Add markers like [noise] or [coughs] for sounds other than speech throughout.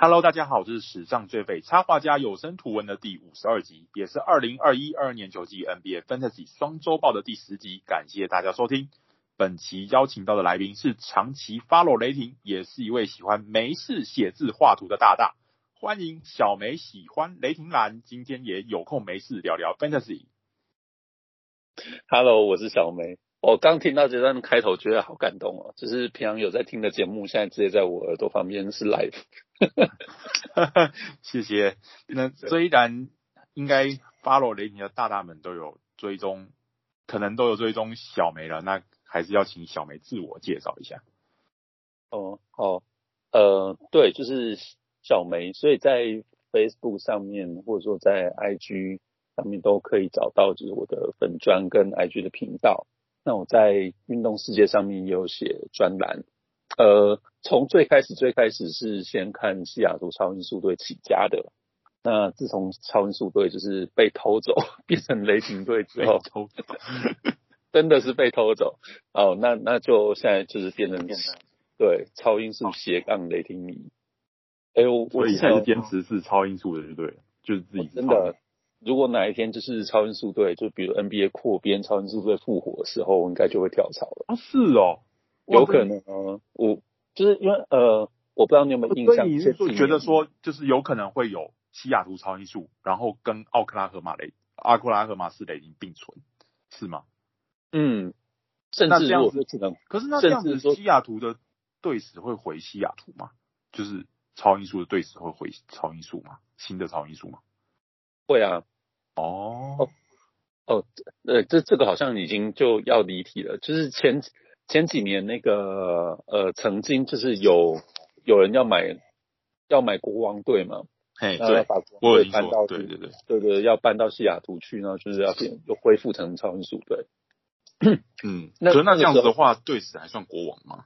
Hello，大家好，這是史上最廢插畫家有聲圖文的第五十二集，也是二零二一二二年球季 NBA Fantasy 雙週報的第十集。感謝大家收聽。本期邀請到的來賓是長期 follow 雷霆，也是一位喜歡沒事寫字畫圖的大大。歡迎小枚，喜歡雷霆藍，今天也有空沒事聊聊 Fantasy。Hello，我是小枚。我剛聽到這段開頭，覺得好感動哦！就是平常有在聽的節目，現在直接在我耳朵旁邊是 live， [laughs] [laughs] 謝謝。那雖然應該 follow 雷霆的大大們都有追蹤，可能都有追蹤小枚了，那還是要請小枚自我介紹一下。哦哦，呃，對，就是小枚，所以在 Facebook 上面，或者說在 IG 上面都可以找到，就是我的粉專跟 IG 的頻道。那我在運動世界上面也有寫專欄，呃，從最開始最開始是先看西雅圖超音速隊起家的，那自從超音速隊就是被偷走變成雷霆隊之後，偷 [laughs] 真的是被偷走，哦， [laughs] 那那就現在就是變成對超音速斜槓雷霆迷，哎、欸，我以前是堅持是超音速的就對了，哦、就是自己真的。如果哪一天就是超音速隊，就比如 NBA 擴編，超音速隊復活的時候，我應該就會跳槽了。啊，是哦，有可能。哇我就是因為呃，我不知道你有沒有印象，你是說覺得說就是有可能會有西雅圖超音速，然後跟奧克拉荷馬雷、阿克拉荷馬斯雷霆並存，是嗎？嗯，甚至這樣子，我可是那這樣子，西雅圖的隊史會回西雅圖嗎？就是超音速的隊史會回超音速嗎？新的超音速嗎？會啊，哦，哦，呃，這這個好像已經就要離題了，就是前前幾年那個呃，曾經就是有有人要買要買國王隊嘛，哎，對，沒錯，對對對，對，對對，要搬到西雅圖去，然後就是要變，又是恢復成超音速隊。 [coughs] 嗯，那那這樣子的話，隊史還算國王嗎？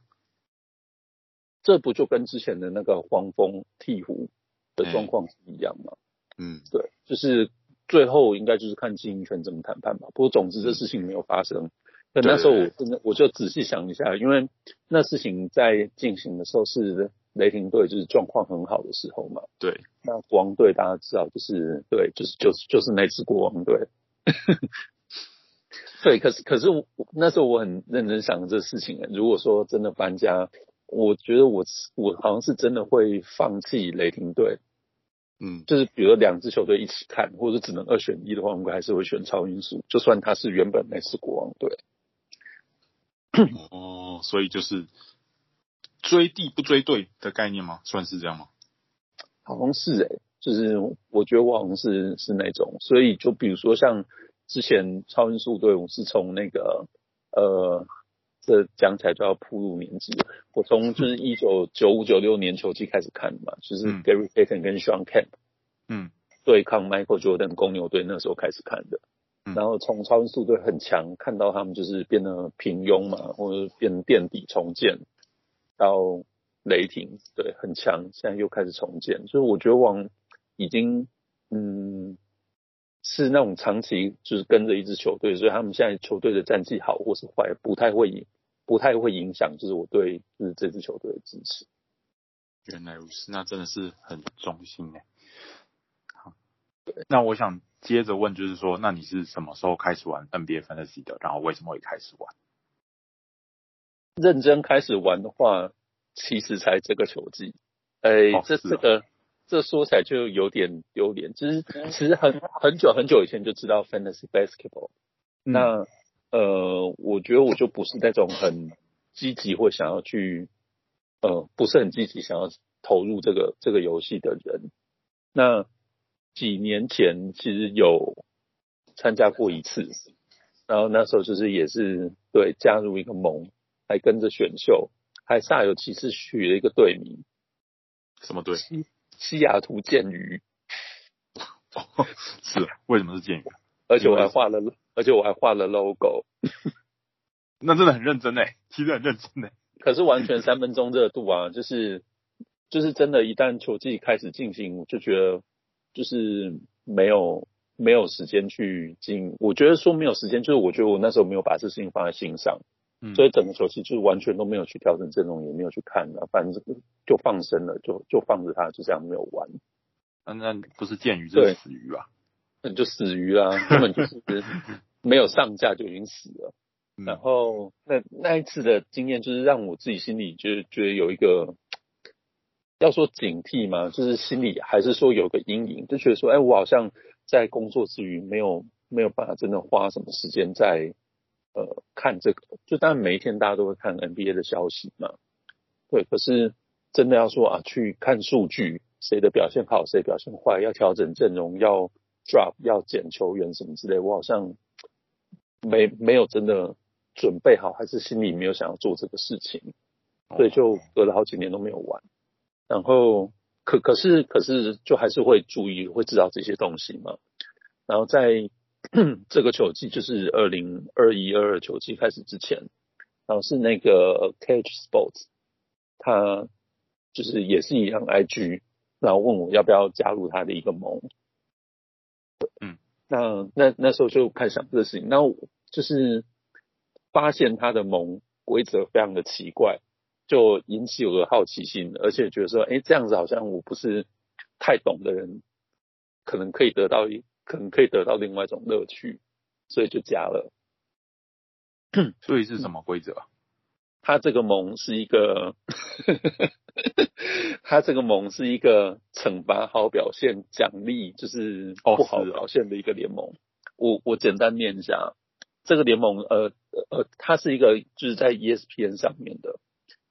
這不就跟之前的那個黃蜂鵜鶘的狀況一樣嗎？嗯，對，就是最後應該就是看經營權怎麼談判吧。不過總之這事情沒有發生。那、嗯、那時候我真的我就仔細想一下，因為那事情在進行的時候是雷霆隊就是狀況很好的時候嘛。對，那國王隊大家知道就是對，就是就是就是那支國王隊。 [laughs] 對，可是可是我那時候我很認真想這事情、欸，如果說真的搬家，我覺得我我好像是真的會放棄雷霆隊。嗯，就是比如說，兩支球隊一起看，或者只能二選一的話，我們還是會選超音速，就算他是原本那支國王隊。哦，所以就是追地不追隊的概念嗎？算是這樣嗎？好像是哎、欸，就是我覺得我好像是是那種，所以就比如說像之前超音速隊伍是從那個呃。這講起來就要暴露年紀了。我從就是一九九五九六年球季開始看嘛，嗯、就是 Gary Payton 跟 Shawn Kemp, s h a n Kemp，對抗 Michael Jordan 公牛隊那時候開始看的。嗯、然後從超音速隊很強，看到他們就是變得平庸嘛，或者變墊底重建，到雷霆，對，很強，現在又開始重建，所以我覺得往已經嗯。是那種長期就是跟着一支球隊，所以他們現在球隊的戰績好或是壞，不太會，不太會影響，就是我對就是這支球隊的支持。原來如此，那真的是很忠心誒。好，對那我想接着問，就是說，那你是什麼時候開始玩 NBA Fantasy 的？然後為什麼會開始玩？認真開始玩的話，其實才這個球季哎，誒哦、這這個。這說起來就有點丟臉，其實其實很很久很久以前就知道 fantasy basketball、嗯。那呃，我覺得我就不是那種很積極會想要去呃不是很積極想要投入這個這個遊戲的人。那幾年前其實有參加過一次，然後那時候就是也是對加入一個盟，還跟着選秀，還煞有其事取了一個隊名，什麼隊？西雅圖劍魚，哦、是、啊、為什麼是劍魚？而且我還畫了，而且我還畫了 logo，那真的很認真哎，其實很認真哎。可是完全三分鐘熱度啊，就是就是真的，一旦球季開始進行，我就覺得就是沒有沒有時間去進。我覺得說沒有時間，就是我覺得我那時候沒有把這事情放在心上。所以整個球期就是完全都沒有去調整陣容，也沒有去看的、啊，反正就放生了，就就放着它，就這樣沒有玩。那、啊、那不是鑑魚，對這是死魚吧，那你就死魚啦、啊，根本就是沒有上架就已經死了。 [laughs] 然後那那一次的經驗，就是讓我自己心裡就是覺得有一個，要說警惕嘛，就是心裡還是說有一個陰影，就覺得說，哎、欸，我好像在工作之餘，沒有沒有辦法真的花什麼時間在。呃，看這個，就當然每一天大家都會看 NBA 的消息嘛，對。可是真的要說啊，去看數據，誰的表現好，誰的表現壞，要調整陣容，要 drop，要撿球員什麼之類，我好像沒沒有真的準備好，還是心裡沒有想要做這個事情，Okay. 所以就隔了好幾年都沒有玩。然後可可是可是就還是會注意，會知道這些東西嘛。然後在。 [coughs] 這個球季就是二零二一二二球季開始之前，然後是那個 K H Sports，他就是也是一樣 I G，然後問我要不要加入他的一個盟，嗯那，那那那時候就開始想這事情，那就是發現他的盟規則非常的奇怪，就引起我的好奇心，而且覺得說，誒、欸，這樣子好像我不是太懂的人，可能可以得到一。可能可以得到另外一種樂趣，所以就加了。所以是什麼規則？ [laughs] 他這個盟是一個， [laughs] 他這個盟是一個懲罰好表現、獎勵就是不好表現的一個聯盟。哦啊、我我簡單念一下，這個聯盟呃呃，呃，它是一個就是在 ESPN 上面的，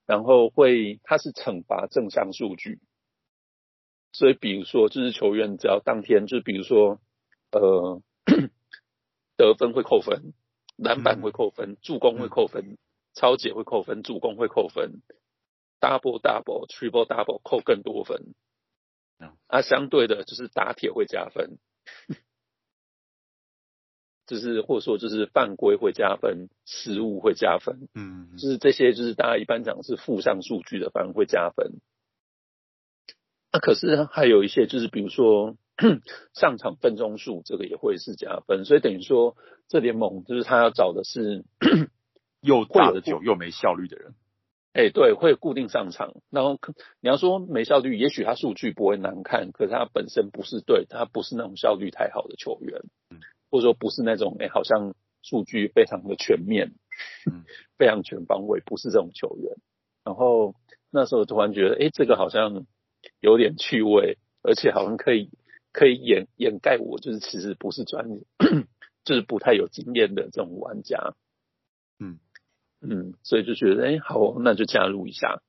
然後會它是懲罰正向數據，所以比如說就是球員只要當天就比如說。呃， [coughs] 得分會扣分，籃板會扣分，助攻會扣分，嗯、抄截會扣分，助攻會扣分、嗯、double double triple double 扣更多分。嗯、啊，相對的就是打鐵會加分，嗯、就是或者說就是犯規會加分，失誤會加分，嗯，嗯，就是這些就是大家一般講是負向數據的，反而會加分。那、啊、可是還有一些就是比如說。上場分鐘數這個也會是加分，所以等於說這聯盟就是他要找的是 [coughs] 又打得久又沒效率的人。哎、欸，對，會固定上場。然後你要說沒效率，也許他數據不會難看，可是他本身不是對，他不是那種效率太好的球員，嗯、或者說不是那種哎、欸、好像數據非常的全面，嗯、非常全方位，不是這種球員。然後那時候突然覺得，哎、欸，這個好像有點趣味，嗯、而且好像可以。可以掩掩蓋我，就是其實不是專業， [coughs] 就是不太有經驗的這種玩家，嗯嗯，所以就覺得哎、欸、好，那就加入一下。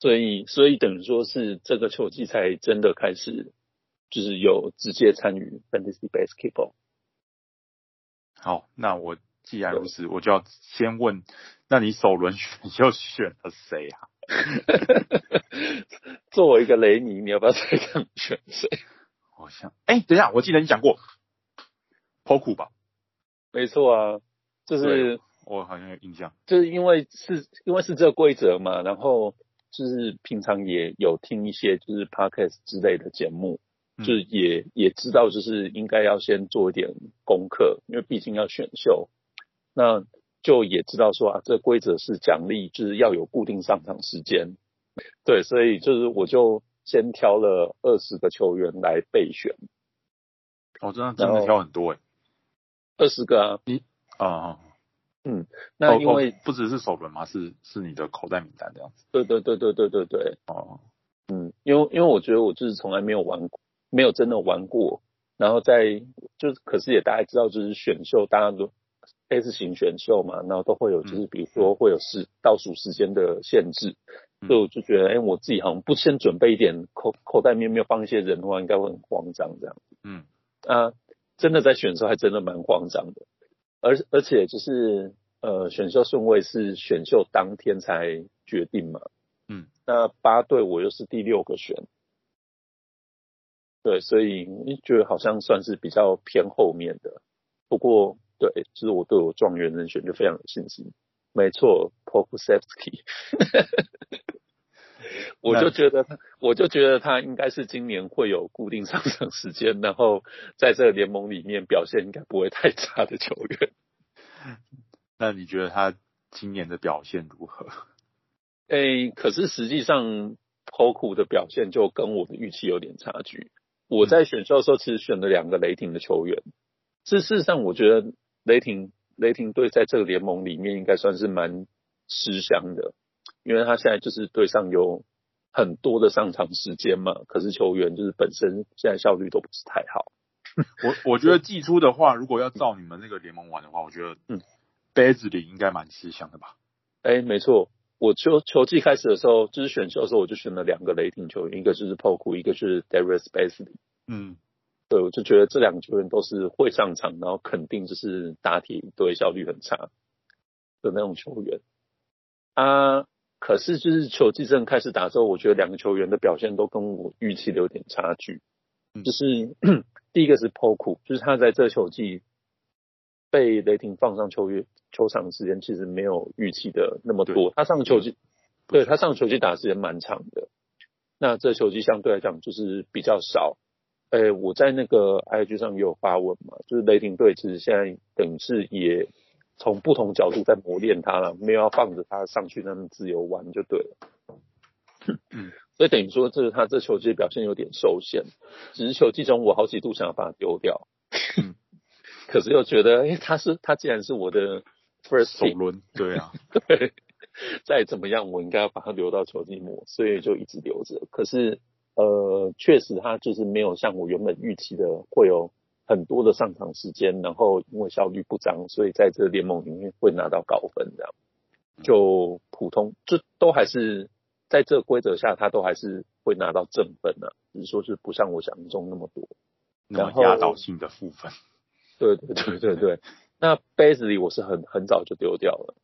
所以所以等於說是這個球季才真的開始，就是有直接參與 Fantasy Basketball。好，那我既然如此，對，我就要先問，那你首輪要選誰選啊？作為 [laughs] 一個雷尼，你要不要再看你選誰？好像哎，等一下，我記得你講過拋苦吧？沒錯啊，就是我好像有印象，就是因為是，因為是這個規則嘛，然後就是平常也有聽一些就是 podcast 之類的節目，就是也、嗯、也知道就是應該要先做一點功課，因為畢竟要選秀，那就也知道說啊，這個規則是獎勵，就是要有固定上場時間，對，所以就是我就。先挑了二十個球員來備選，哦，這樣真的挑很多誒，二十個啊，啊嗯，哦、那因為、哦、不只是首輪嘛，是是你的口袋名單這樣子？對對對對對對對。哦，嗯，因為因為我覺得我就是從來沒有玩過，沒有真的玩過。然後在就是，可是也大家知道，就是選秀，大家都 S 型選秀嘛，然後都會有，就是比如說會有、嗯、時倒數時間的限制。所以我就覺得，哎、欸，我自己好像不先準備一點，口口袋面沒有放一些人的話，應該會很慌張這樣。嗯啊，真的在選的時候，還真的蠻慌張的。而而且就是，呃，選秀順位是選秀當天才決定嘛。嗯，那八隊我又是第六個選，對，所以覺得好像算是比較偏後面的。不過，對，就是我對我狀元人選就非常有信心。沒錯，Pokusevsky [laughs] 我就覺得他，那我就覺得他應該是今年會有固定上場時間，然後在這個聯盟裡面表現應該不會太差的球員。那你覺得他今年的表現如何？哎、欸，可是實際上 Poku 的表現就跟我的預期有點差距。我在選秀的時候其實選了兩個雷霆的球員，嗯、事實上我覺得雷霆。雷霆隊在這個聯盟裡面應該算是蠻吃香的，因為他現在就是隊上有很多的上場時間嘛，可是球員就是本身現在效率都不是太好。 [laughs] 我我覺得季初的話，如果要照你們那個聯盟玩的話，我覺得嗯，貝茲里應該蠻吃香的吧？哎、嗯，欸，沒錯，我球球季開始的時候就是選球的時候，我就選了兩個雷霆球員，一個就是泡庫，一個就是德瑞斯貝茲里，嗯。對，我就覺得這兩個球員都是會上場，然後肯定就是打鐵對效率很差的那種球員。啊，可是就是球季正開始打之後，我覺得兩個球員的表現都跟我預期的有點差距。嗯、就是第一個是波庫，就是他在這球季被雷霆放上球員球場的時間其實沒有預期的那麼多。對他上球季，行對，他上球季打時間蠻長的，那這球季相對來講就是比較少。哎，我在那個 IG 上也有發問嘛，就是雷霆隊其實現在等於是也從不同角度在磨練他了，沒有要放着他上去那麼自由玩就對了。嗯、所以等於說，就是他這球季表現有點受限，只是球季中我好幾度想要把它丟掉，嗯、 [laughs] 可是又覺得，哎，他是他既然是我的 first team, 首輪，對啊， [laughs] 對，再怎麼樣我應該要把他留到球季末，所以就一直留着。可是，呃。確實，他就是沒有像我原本預期的，會有很多的上場時間，然後因為效率不彰，所以在這個聯盟裡面會拿到高分這樣。就普通，這都還是在這個規則下，他都還是會拿到正分的，啊，只是說是不像我想象中那麼多，那壓倒性的負分。對對對對對， [laughs] 那 Bazley 我是很很早就丟掉了，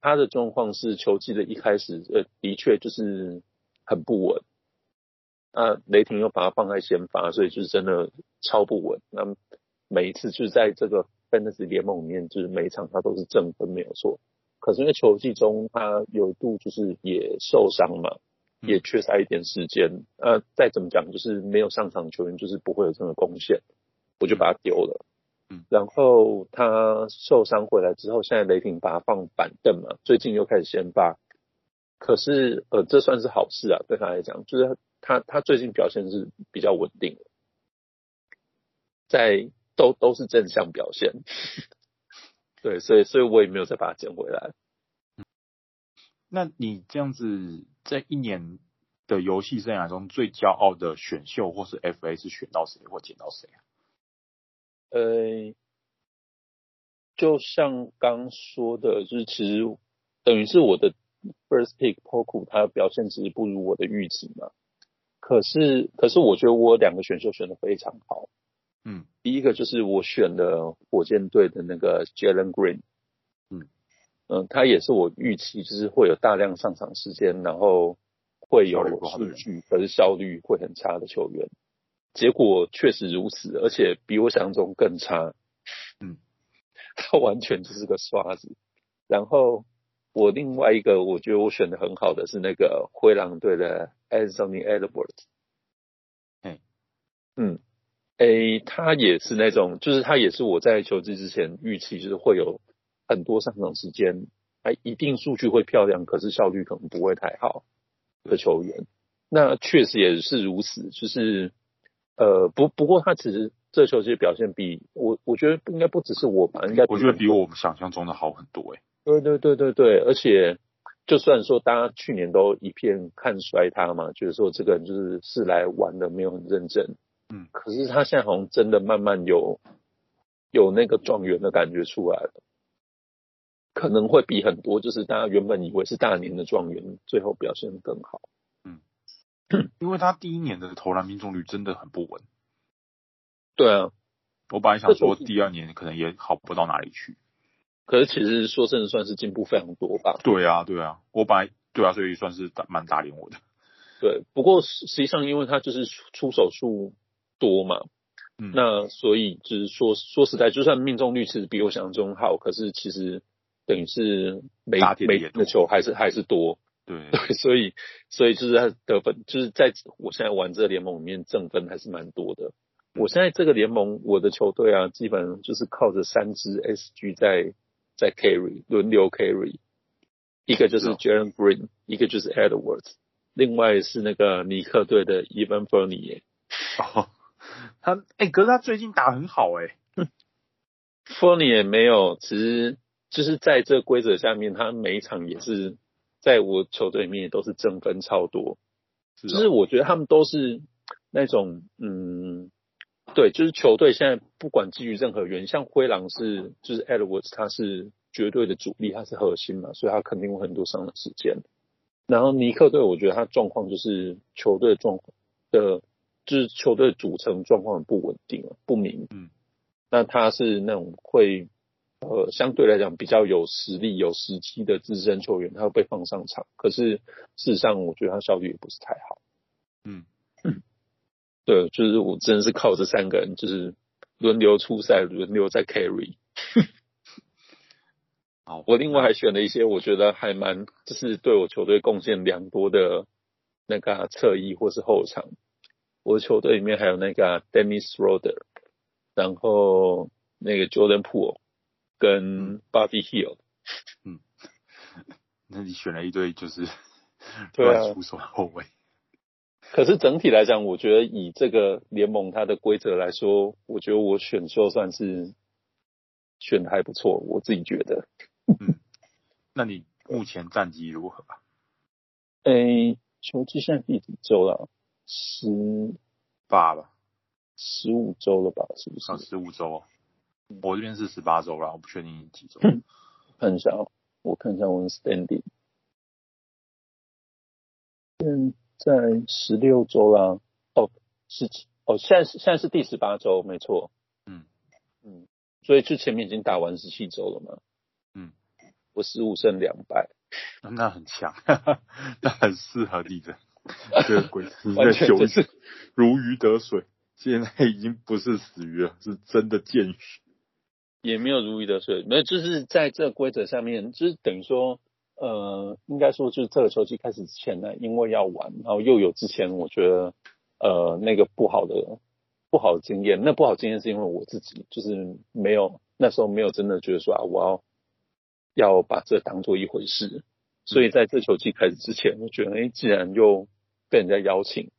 他的狀況是球季的一開始，呃，的確就是很不穩。那、啊、雷霆又把他放在先發，所以就真的超不穩。那每一次就是在這個 fantasy 聯盟裡面，就是每一場他都是正分沒有錯。可是因為球技中他有一度就是也受傷嘛，也缺少一點時間。那、嗯啊、再怎麼講，就是沒有上場球員就是不會有這樣的貢獻，我就把他丟了。嗯、然後他受傷回來之後，現在雷霆把他放板凳嘛，最近又開始先發。可是呃，這算是好事啊，對他來講就是。他他最近表現是比較穩定的，在都都是正向表現， [laughs] 對，所以所以我也沒有再把它撿回來。那你這樣子這一年的遊戲生涯中最驕傲的選秀或是 FA 是選到誰或撿到誰啊？呃，就像剛說的，就是其實等於是我的 First Pick Poku，他表現其實不如我的預期嘛。可是，可是我覺得我兩個選秀選得非常好，嗯，第一個就是我選的火箭隊的那個 Jalen Green，嗯，嗯，他也是我預期就是會有大量上場時間，然後會有數據，可是效率會很差的球員，結果確實如此，而且比我想象中更差，嗯，他完全就是個刷子，然後。我另外一個我覺得我選的很好的是那個灰狼隊的 Anthony Edwards，嗯嗯，誒、嗯欸、他也是那種，就是他也是我在球季之前預期就是會有很多上場時間，哎，一定數據會漂亮，可是效率可能不會太好，的球員，對那確實也是如此，就是呃不不過他其實這球季表現比我我覺得不應該不只是我吧，應該我覺得比我們想象中的好很多誒、欸對對對對對，而且就算說大家去年都一片看衰他嘛，覺得說這個人就是是來玩的，沒有很認真。嗯，可是他現在好像真的慢慢有有那個狀元的感覺出來了，可能會比很多就是大家原本以為是大年的狀元最後表現更好。嗯，嗯因為他第一年的投籃命中率真的很不穩。對啊，我本來想說第二年可能也好不到哪裡去。可是其實說真的，算是進步非常多吧。對啊，對啊，我本來對啊，啊、所以算是打蠻打臉我的。對，不過實實際上，因為他就是出手數多嘛，嗯、那所以就是說說實在，就算命中率其實比我想象中好，可是其實等於是每的每的球還是還是多。對，對 所以所以就是他得分，就是在我現在玩這個聯盟裡面，正分還是蠻多的。我現在這個聯盟，我的球隊啊，基本上就是靠着三支 SG 在。在 carry 輪流 carry，一個就是 Jaylen Brown 道一個就是 Edwards，另外是那個尼克隊的 Evan Fournier 哦，他哎、欸，可是他最近打得很好哎、欸。 [laughs] Fournier 也沒有，其實就是在這規則下面，他每一場也是在我球隊裡面也都是正分超多。就道是我覺得他們都是那種嗯。對，就是球隊現在不管基於任何原因，像灰狼是就是 Edwards，他是絕對的主力，他是核心嘛，所以他肯定有很多上場時間。然後尼克隊，我覺得他狀況就是球隊狀的、的，就是球隊組成狀況很不穩定，不明。嗯。那他是那種會呃，相對來講比較有實力、有時機的資深球員，他會被放上場。可是事實上，我覺得他效率也不是太好。嗯。對，就是我，真的是靠這三個人，就是輪流出賽，輪流在 carry。哦 [laughs] ，oh. 我另外還選了一些，我覺得還蠻，就是對我球隊貢獻良多的那個側、啊、翼或是後場。我的球隊裡面還有那個、啊、Dennis Schröder，然後那個 Jordan Poole 跟 Buddy Hield。嗯，那你選了一對就是，對啊，出手後衛。可是整體來講，我覺得以這個聯盟它的規則來說，我覺得我選秀算是選的還不錯，我自己覺得。 [laughs] 嗯，那你目前戰績如何？吧誒、欸，球季現在第幾週了？十八了吧，十五週了吧？是不是、啊？十五週，我這邊是十八週了，我不確定幾週。看一下，我看一下我們 standing。嗯。在十六週啦，哦，十七哦，現在是現在是第十八週，沒錯，嗯嗯，所以就前面已經打完十七週了嘛，嗯，我十五勝兩敗。啊，那很強，哈哈。那很適合你的 [laughs] 這個規則，你在九次、就是、如魚得水，現在已經不是死魚了，是真的見魚，也沒有如魚得水，沒有就是在這規則上面，就是等於說。呃，應該說就是這個球季開始之前呢，因為要玩，然後又有之前我覺得，呃，那個不好的不好的經驗，那不好的經驗是因為我自己就是沒有那時候沒有真的覺得說啊，我要要把這當做一回事，所以在這球季開始之前，我覺得誒、欸、既然又被人家邀請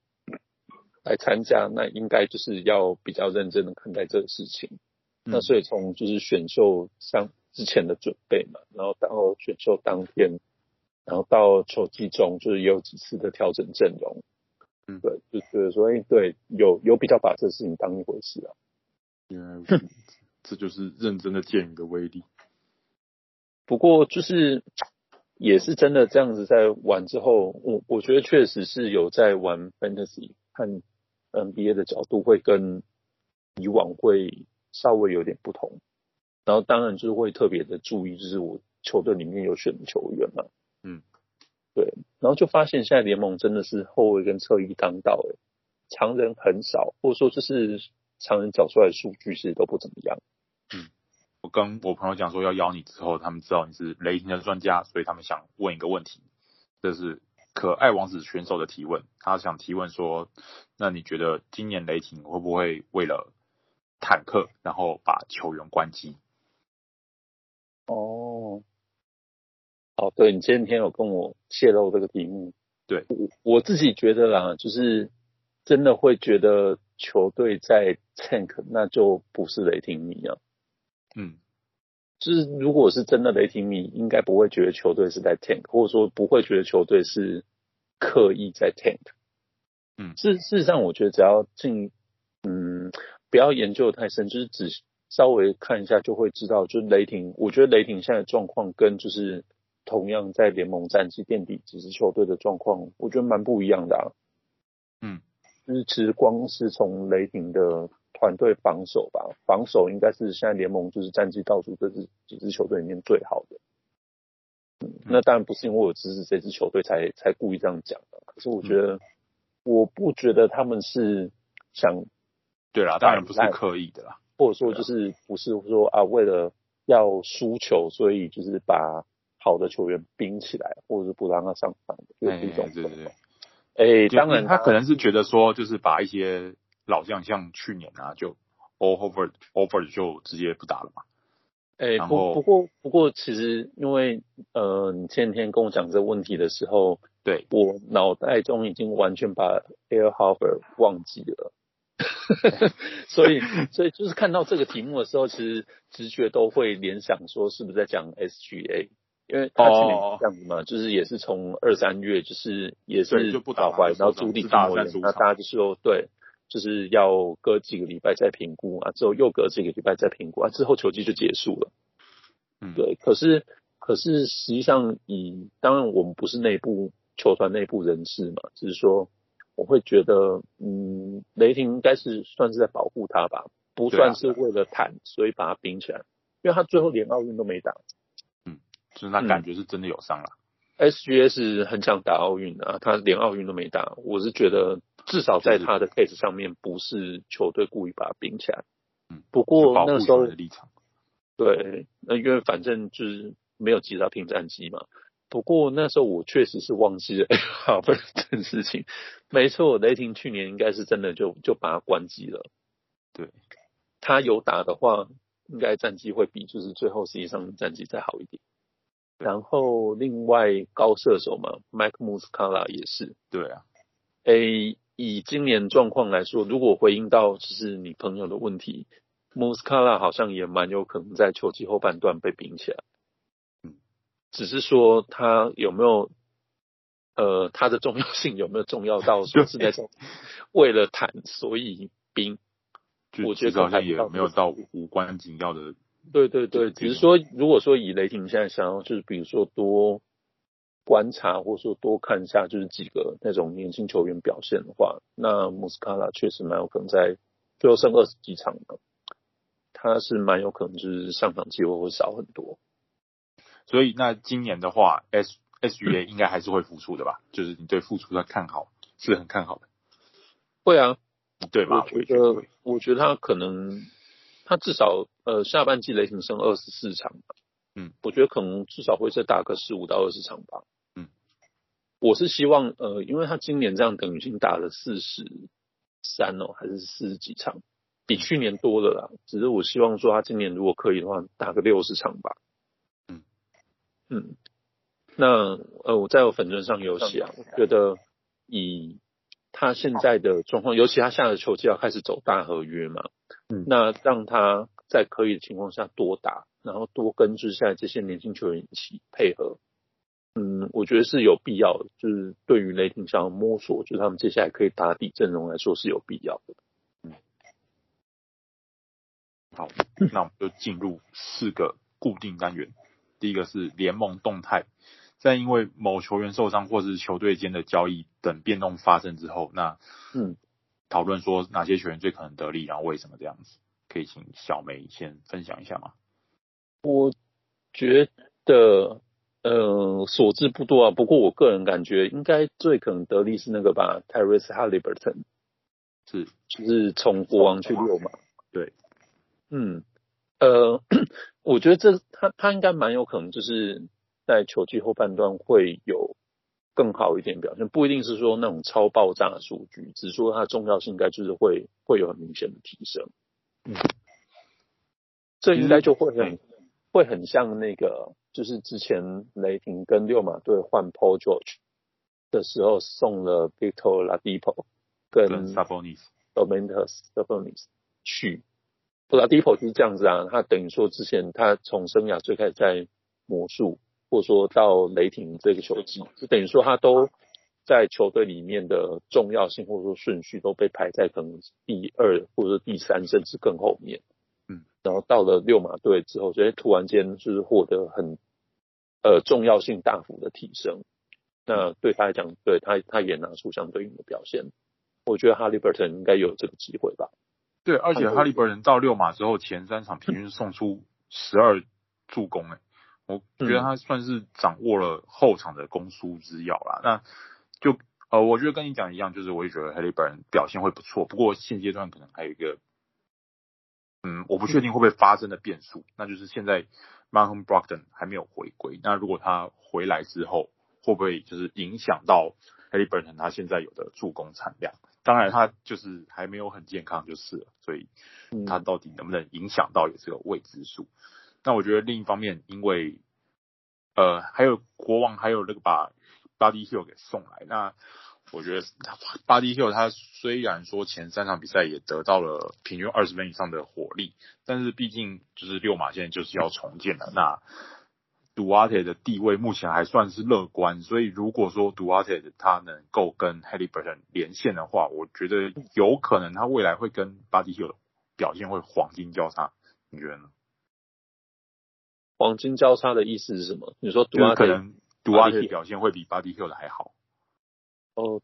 來參加，那應該就是要比較認真的看待這個事情，嗯、那所以從就是選秀上。之前的準備嘛，然後到選秀當天，然後到球季中就是有幾次的調整陣容，嗯，對，就是說，哎、欸，對，有有比較把這事情當一回事啊，yeah, we, [laughs] 這就是認真的劍雨的威力。不過就是也是真的這樣子，在玩之後，我我覺得確實是有在玩 fantasy 和 NBA 的角度會跟以往會稍微有點不同。然後當然就是會特別的注意，就是我球隊裡面有選球員嘛，嗯，對，然後就發現現在聯盟真的是後衛跟側翼當道，誒，長人很少，或者說就是長人找出來的數據是都不怎麼樣，嗯，我跟我朋友講說要邀你之後，他們知道你是雷霆的專家，所以他們想問一個問題，這是可愛王子選手的提問，他想提問說，那你覺得今年雷霆會不會為了坦克，然後把球員關機？哦，哦，對，你今天有跟我泄露這個題目，對，我我自己覺得啦，就是真的會覺得球隊在 tank，那就不是雷霆迷啊。嗯，就是如果是真的雷霆迷，應該不會覺得球隊是在 tank，或者說不會覺得球隊是刻意在 tank。嗯，事事實上，我覺得只要進，嗯，不要研究得太深，就是只。稍微看一下就會知道，就是雷霆。我覺得雷霆現在狀況跟就是同樣在聯盟戰績墊底幾支球隊的狀況，我覺得蠻不一樣的。啊。嗯，就是其實光是從雷霆的團隊防守吧，防守應該是現在聯盟就是戰績倒數這支幾支球隊裡面最好的。嗯，那當然不是因為我支持這支球隊才才故意這樣講的。可是我覺得，我不覺得他們是想，對啦，當然不是刻意的啦。或者說就是不是說啊，為了要輸球，所以就是把好的球員冰起來，或者是不讓他上場，對這、就是、種哎哎哎。對對對，哎，當然、啊、他可能是覺得說，就是把一些老將像去年啊，就 Al Horford 就直接不打了嘛。哎，後不不過不過，不過其實因為呃，你前天跟我講這個問題的時候，對我腦袋中已經完全把 Al Horford 忘記了。 [laughs] [laughs] 所以，所以就是看到這個題目的時候，其實直覺都會聯想說是不是在講 SGA，因為它是這樣子嘛，哦、就是也是從二三月，就是也是打壞，就不打打然後朱力大磨人，那大家就說對，就是要隔幾個禮拜再評估啊，之後又隔幾個禮拜再評估啊，之後球季就結束了。嗯，對。可是，可是實際上以，以當然我們不是內部球團內部人士嘛，只、就是說。我會覺得，嗯，雷霆應該是算是在保護他吧，不算是為了坦、啊、所以把他冰起來，因為他最後連奧運都沒打。嗯，就是那感覺是真的有傷了。S G、嗯、S、GS、很想打奧運的，啊，他連奧運都沒打。我是覺得至少在他的 case 上面，不是球隊故意把他冰起來。嗯，不過那時候、嗯、的立場對，那、呃、因為反正就是沒有急著拼戰績嘛。不過那時候我確實是忘記了，哎，好，不是這件事情，沒錯，雷霆去年應該是真的就就把他關機了，對，他有打的話，應該戰績會比就是最後實際上戰績再好一點，然後另外高射手嘛，Mike Muscala 也是，對啊，哎，以今年狀況來說，如果回應到就是你朋友的問題，Muscala 好像也蠻有可能在球季後半段被冰起來。只是說他有沒有，呃，他的重要性有沒有重要到就是那種為了坦 [laughs] 對 所以冰，就我覺得好像也沒有到無關緊要的。對對對，只是說如果說以雷霆現在想要就是比如說多觀察或者說多看一下就是幾個那種年輕球員表現的話，那穆斯卡拉確實蠻有可能在最後剩二十幾場的，他是蠻有可能就是上場機會會少很多。所以，那今年的話，S SGA 應該還是會復出的吧？嗯、就是你對復出的看好是很看好的。會啊，對吧嗎？我覺得，我覺得，我覺得他可能，他至少呃，下半季雷霆剩二十四場吧。嗯，我覺得可能至少會再打個十五到二十場吧。嗯，我是希望呃，因為他今年這樣，等於已經打了四十三哦，還是四十幾場，比去年多了啦。只是我希望說，他今年如果可以的話，打個六十場吧。嗯，那呃，我在我粉鑽上有想，啊，覺得以他現在的狀況，尤其他下的球季要開始走大合約嘛，嗯，那讓他在可以的情況下多打，然後多跟之下這些年輕球員一起配合，嗯，我覺得是有必要的，就是對於雷霆想要摸索，就是他們接下來可以打底陣容來說是有必要的。嗯，好，那我們就進入四個固定單元。第一個是聯盟動態，在因為某球員受傷或是球隊間的交易等變動發生之後，那嗯，討論說哪些球員最可能得利，然後為什麼這樣子？可以請小枚先分享一下嗎？我覺得，嗯、呃，所知不多啊。不過我個人感覺，應該最可能得利是那個吧，Tyrese Haliburton，是就是從國王去溜馬嘛？對，嗯。嗯呃， [coughs] 我覺得這他他應該蠻有可能，就是在球季後半段會有更好一點表現，不一定是說那種超爆炸的數據，只是說它重要性應該就是會會有很明顯的提升。嗯，這應該就會很、嗯、會很像那個，就是之前雷霆跟六馬隊換 Paul George 的時候，送了 Victor Oladipo 跟 Sabonis、Domantas Sabonis 去。不啦 Oladipo 就是這樣子啊，他等於說之前他從生涯最開始在魔術，或者說到雷霆這個球季，就等於說他都在球隊裡面的重要性或者說順序都被排在可能第二或者第三甚至更後面。嗯，然後到了溜馬隊之後，所以突然間就是獲得很呃重要性大幅的提升。那對他來講，對他他也拿出相對應的表現。我覺得 Haliburton 應該有這個機會吧。對，而且哈利伯頓到溜馬之後，前三場平均送出十二助攻，欸，哎，我覺得他算是掌握了後場的攻速之鑰啦。那就呃，我覺得跟你講一樣，就是我也覺得哈利伯頓表現會不錯。不過現階段可能還有一個，嗯，我不確定會不會發生的變數，嗯、那就是現在馬亨布羅克頓還沒有回歸。那如果他回來之後，會不會就是影響到哈利伯頓他現在有的助攻產量？當然，他就是還沒有很健康，就是了。所以，他到底能不能影響到也是個未知數。嗯、那我覺得另一方面，因為呃，還有國王，還有那個把 Buddy Hield 給送來。那我覺得 Buddy Hield 他雖然說前三場比賽也得到了平均二十分以上的火力，但是畢竟就是溜馬現在就是要重建了。 [laughs] 那杜瓦特的地位目前還算是樂觀，所以如果說杜瓦特他能夠跟哈利伯頓連線的話，我覺得有可能他未來會跟巴蒂希爾表現會黃金交叉，你覺得呢？黃金交叉的意思是什麼？你說可能杜瓦特表現會比巴蒂希爾的還好？哦，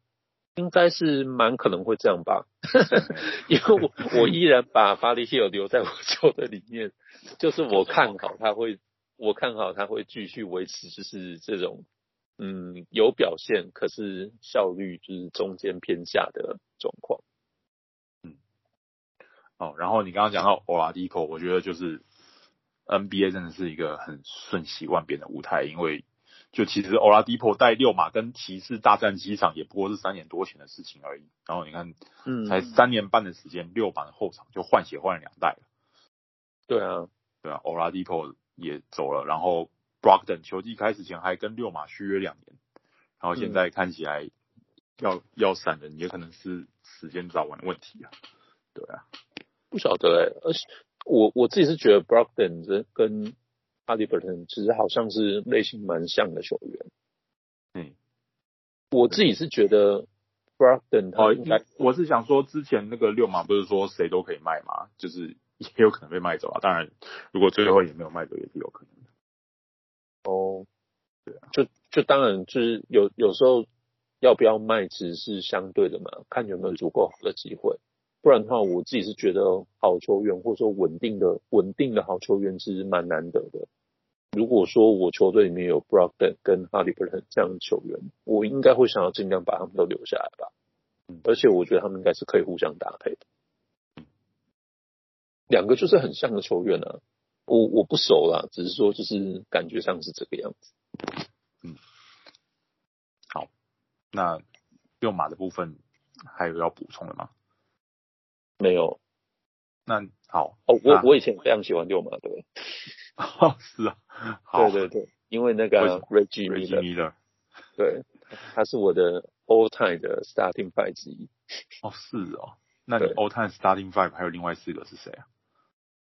應該是蠻可能會這樣吧， [laughs] 因為我 [laughs] 我依然把巴蒂希爾留在我球的裡面，就是我看好他會。我看好他會繼續維持就是這種，嗯，有表現，可是效率就是中間偏下的狀況。嗯，哦，然後你剛剛講到歐拉迪波，我覺得就是 NBA 真的是一個很瞬息萬變的舞台，因為就其實歐拉迪波帶六馬跟騎士大戰七場，也不過是三年多前的事情而已。然後你看，嗯，才三年半的時間，六馬的後場就換血換了兩代了。對啊，對啊，歐拉迪波，也走了，然後 Brogdon 球季開始前還跟溜馬續約兩年，然後現在看起來要、嗯、要閃人，也可能是時間早晚的問題啊。對啊，不曉得哎、欸，而且我我自己是覺得 Brogdon 這跟 Haliburton 其實好像是類型蠻像的球員。嗯，我自己是覺得 Brogdon 他應該、嗯嗯，我是想說之前那個溜馬不是說誰都可以賣嗎？就是。也有可能被賣走啊，當然，如果最後也沒有賣走也是有可能的。哦，對啊，就就當然就是有有時候要不要賣只是相對的嘛，看有沒有足夠好的機會。不然的話，我自己是覺得好球員或者說穩定的穩定的好球員其實蠻難得的。如果說我球隊裡面有 Brogdon 跟哈利伯頓這樣的球員，我應該會想要盡量把他們都留下來吧。嗯，而且我覺得他們應該是可以互相搭配的。兩個就是很像的球員啊，我我不熟啦，只是說就是感覺上是這個樣子。嗯，好，那溜馬的部分還有要補充的嗎？沒有。那好哦，那我我以前非常喜歡溜馬，對不對？啊， [laughs] 是啊。對對對，因為那個 Reggie 的，Reggie Miller 對，他是我的 all time 的 starting five 之一。哦，是哦，那你 all time starting five 還有另外四個是誰啊？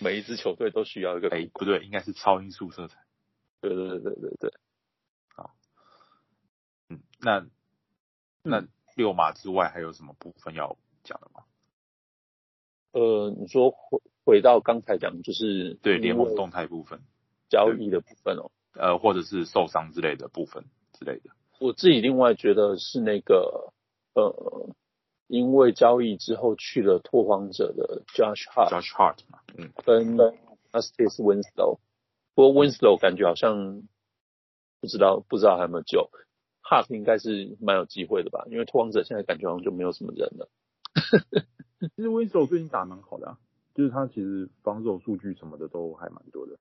每一支球隊都需要一個哎、欸，不對，應該是超音速色彩。對對對對對對，好，嗯，那那六馬之外還有什麼部分要講的嗎？呃，你說回回到剛才講，的就是的、哦、對聯盟動態部分、交易的部分哦，呃，或者是受傷之類的部分之類的。我自己另外覺得是那個呃。因為交易之後去了拓荒者的 Josh Hart，Josh Hart 嘛，Josh Hart, 嗯，跟 Justise、嗯、s Winslow，不過 Winslow 感覺好像不知道、嗯、不知道還有沒有救，Hart 應該是蠻有機會的吧，因為拓荒者現在感覺好像就沒有什麼人了。其實 Winslow 最近打蠻好的啊，就是他其實防守數據什麼的都還蠻多的，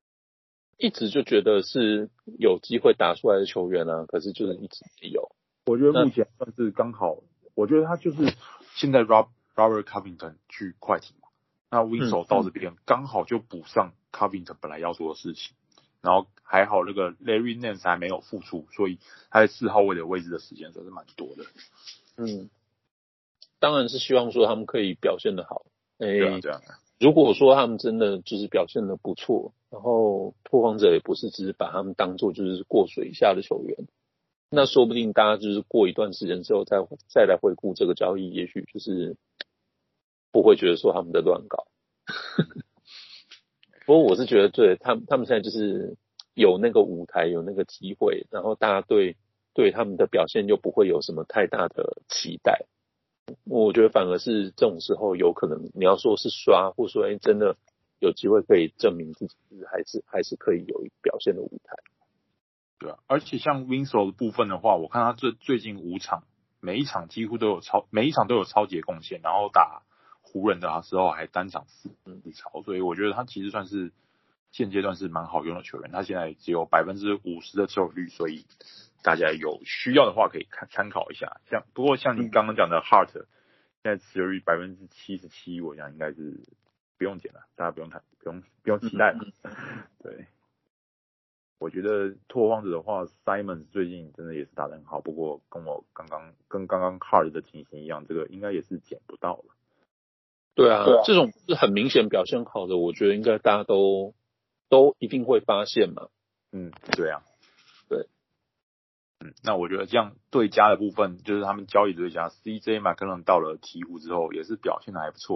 一直就覺得是有機會打出來的球員啊，可是就是一直沒有。我覺得目前算是剛好。我覺得他就是現在 Rob Robert Covington 去快艇嘛，那 Winslow 到這邊剛好就補上 Covington 本來要做的事情，嗯嗯、然後還好那個 Larry Nance 還沒有復出，所以他在四號位的位置的時間算是蠻多的。嗯，當然是希望說他們可以表現得好。誒對啊，對啊。如果說他們真的就是表現得不錯，然後拓荒者也不是只是把他們當做就是過水下的球員。那說不定大家就是過一段時間之後再再來回顧這個交易，也許就是不會覺得說他們的亂搞。 [laughs] 不過我是覺得對，對他們他們現在就是有那個舞台，有那個機會，然後大家對對他們的表現又不會有什麼太大的期待。我覺得反而是這種時候，有可能你要說是刷，或說哎真的有機會可以證明自己，還是還是可以有表現的舞台。對，而且像 Winslow 的部分的話，我看他最最近五場，每一場幾乎都有超，每一場都有超級的貢獻。然後打湖人的時候還單場四四超，所以我覺得他其實算是現階段是蠻好用的球員。他現在只有百分之五十的持有率，所以大家有需要的話可以看參考一下。像不過像你剛剛講的 Hart，現在持有率百分之七十七，我想應該是不用減了，大家不用太不用不用期待了，嗯嗯 [laughs] 對。我覺得拓荒者的話，Simon 最近真的也是打得很好，不過跟我剛剛跟剛剛 Hard 的情形一樣，這個應該也是撿不到了。對啊，哇這種是很明顯表現好的，我覺得應該大家都都一定會發現嘛。嗯，對啊，對，嗯，那我覺得這樣對家的部分，就是他們交易對家 CJ McCollum 到了鵜鶘之後，也是表現得還不錯，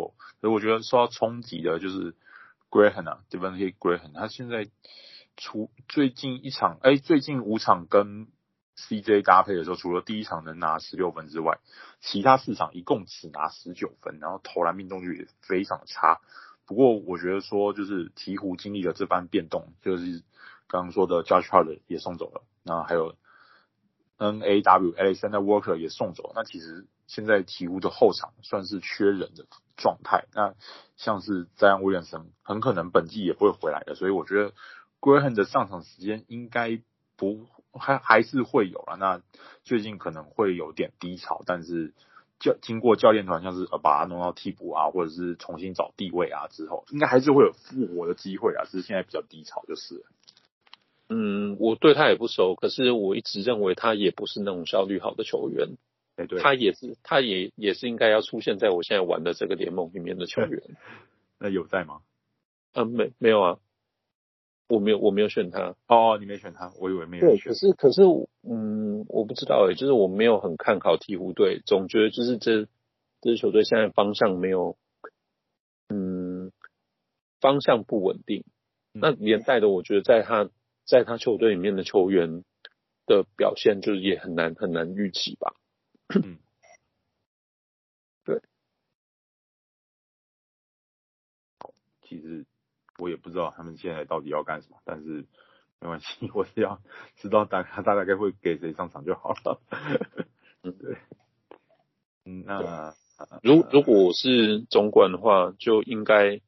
所以我覺得受到衝擊的就是 Graham Devonte'、啊、Graham，、啊、他現在。除最近一場，哎、欸，最近五場跟 CJ 搭配的時候，除了第一場能拿十六分之外，其他四場一共只拿十九分，然後投籃命中率也非常的差。不過我覺得說，就是鵜鶘經歷了這番變動，就是剛剛說的 Josh Hart 也送走了，然後還有 NAW Alexander Walker 也送走了，那其實現在鵜鶘的後場算是缺人的狀態。那像是在安威廉森很可能本季也不會回來的，所以我覺得。威恩的上場時間應該不還還是會有了，那最近可能會有點低潮，但是教經過教練團像是把他弄到替補啊，或者是重新找地位啊之後，應該還是會有復活的機會啊，只是現在比較低潮就是。嗯，我對他也不熟，可是我一直認為他也不是那種效率好的球員，欸、對他也是，他也也是應該要出現在我現在玩的這個聯盟裡面的球員。 [laughs] 那有在嗎？嗯，沒沒有啊。我沒有，我沒有選他。哦，你沒選他，我以為沒有選他。對，可是可是，嗯，我不知道欸，就是我沒有很看好鵜鶘隊，總覺得就是這這支球隊現在方向沒有，嗯，方向不穩定。嗯、那連帶的我覺得在他，在他球隊裡面的球員的表現，就是也很難很難預期吧。 [coughs] 嗯、對。其實。我也不知道他們現在到底要幹什麼，但是沒關係，我只要知道大概他，大概會給誰上場就好了。 [laughs] 嗯，對，嗯，那如如果是總管的話，就應該，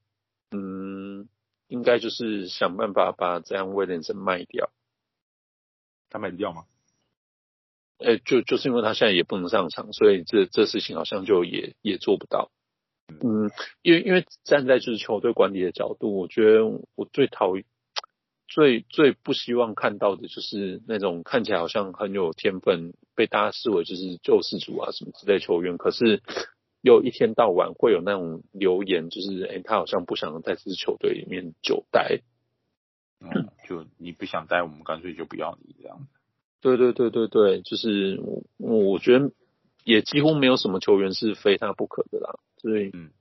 嗯，應該就是想辦法把這樣威廉森賣掉。他賣得掉嗎？哎、欸，就就是因為他現在也不能上場，所以這這事情好像就也也做不到。嗯，因為因為站在就是球隊管理的角度，我覺得我最討厭、最最不希望看到的就是那種看起來好像很有天分，被大家視為就是救世主啊什麼之類的球員，可是又一天到晚會有那種留言，就是哎、欸，他好像不想在這支球隊裡面久待。嗯，嗯，就你不想待，我們，乾脆就不要你這樣子。對對對對對，就是我我覺得也幾乎沒有什麼球員是非他不可的啦。所以，嗯，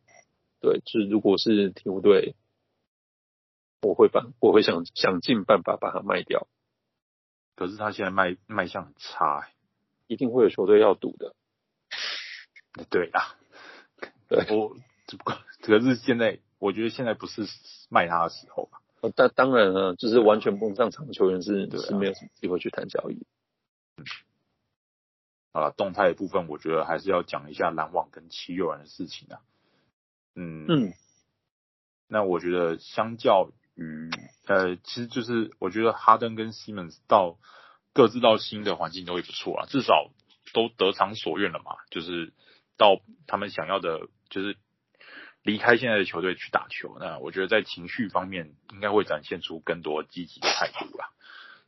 對，就是如果是替補隊，我會把我會想想盡辦法把它賣掉。可是他現在賣賣相很差誒，一定會有球隊要賭的。對啊啦，對我只不過可是現在，我覺得現在不是賣他的時候吧，那、啊、當然了，就是完全不用上場的球員是對、啊、是沒有什麼機會去談交易。嗯啊，動態的部分我覺得還是要講一下籃網跟76人的事情啊。嗯，嗯，那我覺得相較於呃，其實就是我覺得哈登跟西蒙斯到各自到新的環境都會不錯啊，至少都得償所願了嘛。就是到他們想要的，就是離開現在的球隊去打球。那我覺得在情緒方面應該會展現出更多積極的態度吧、啊。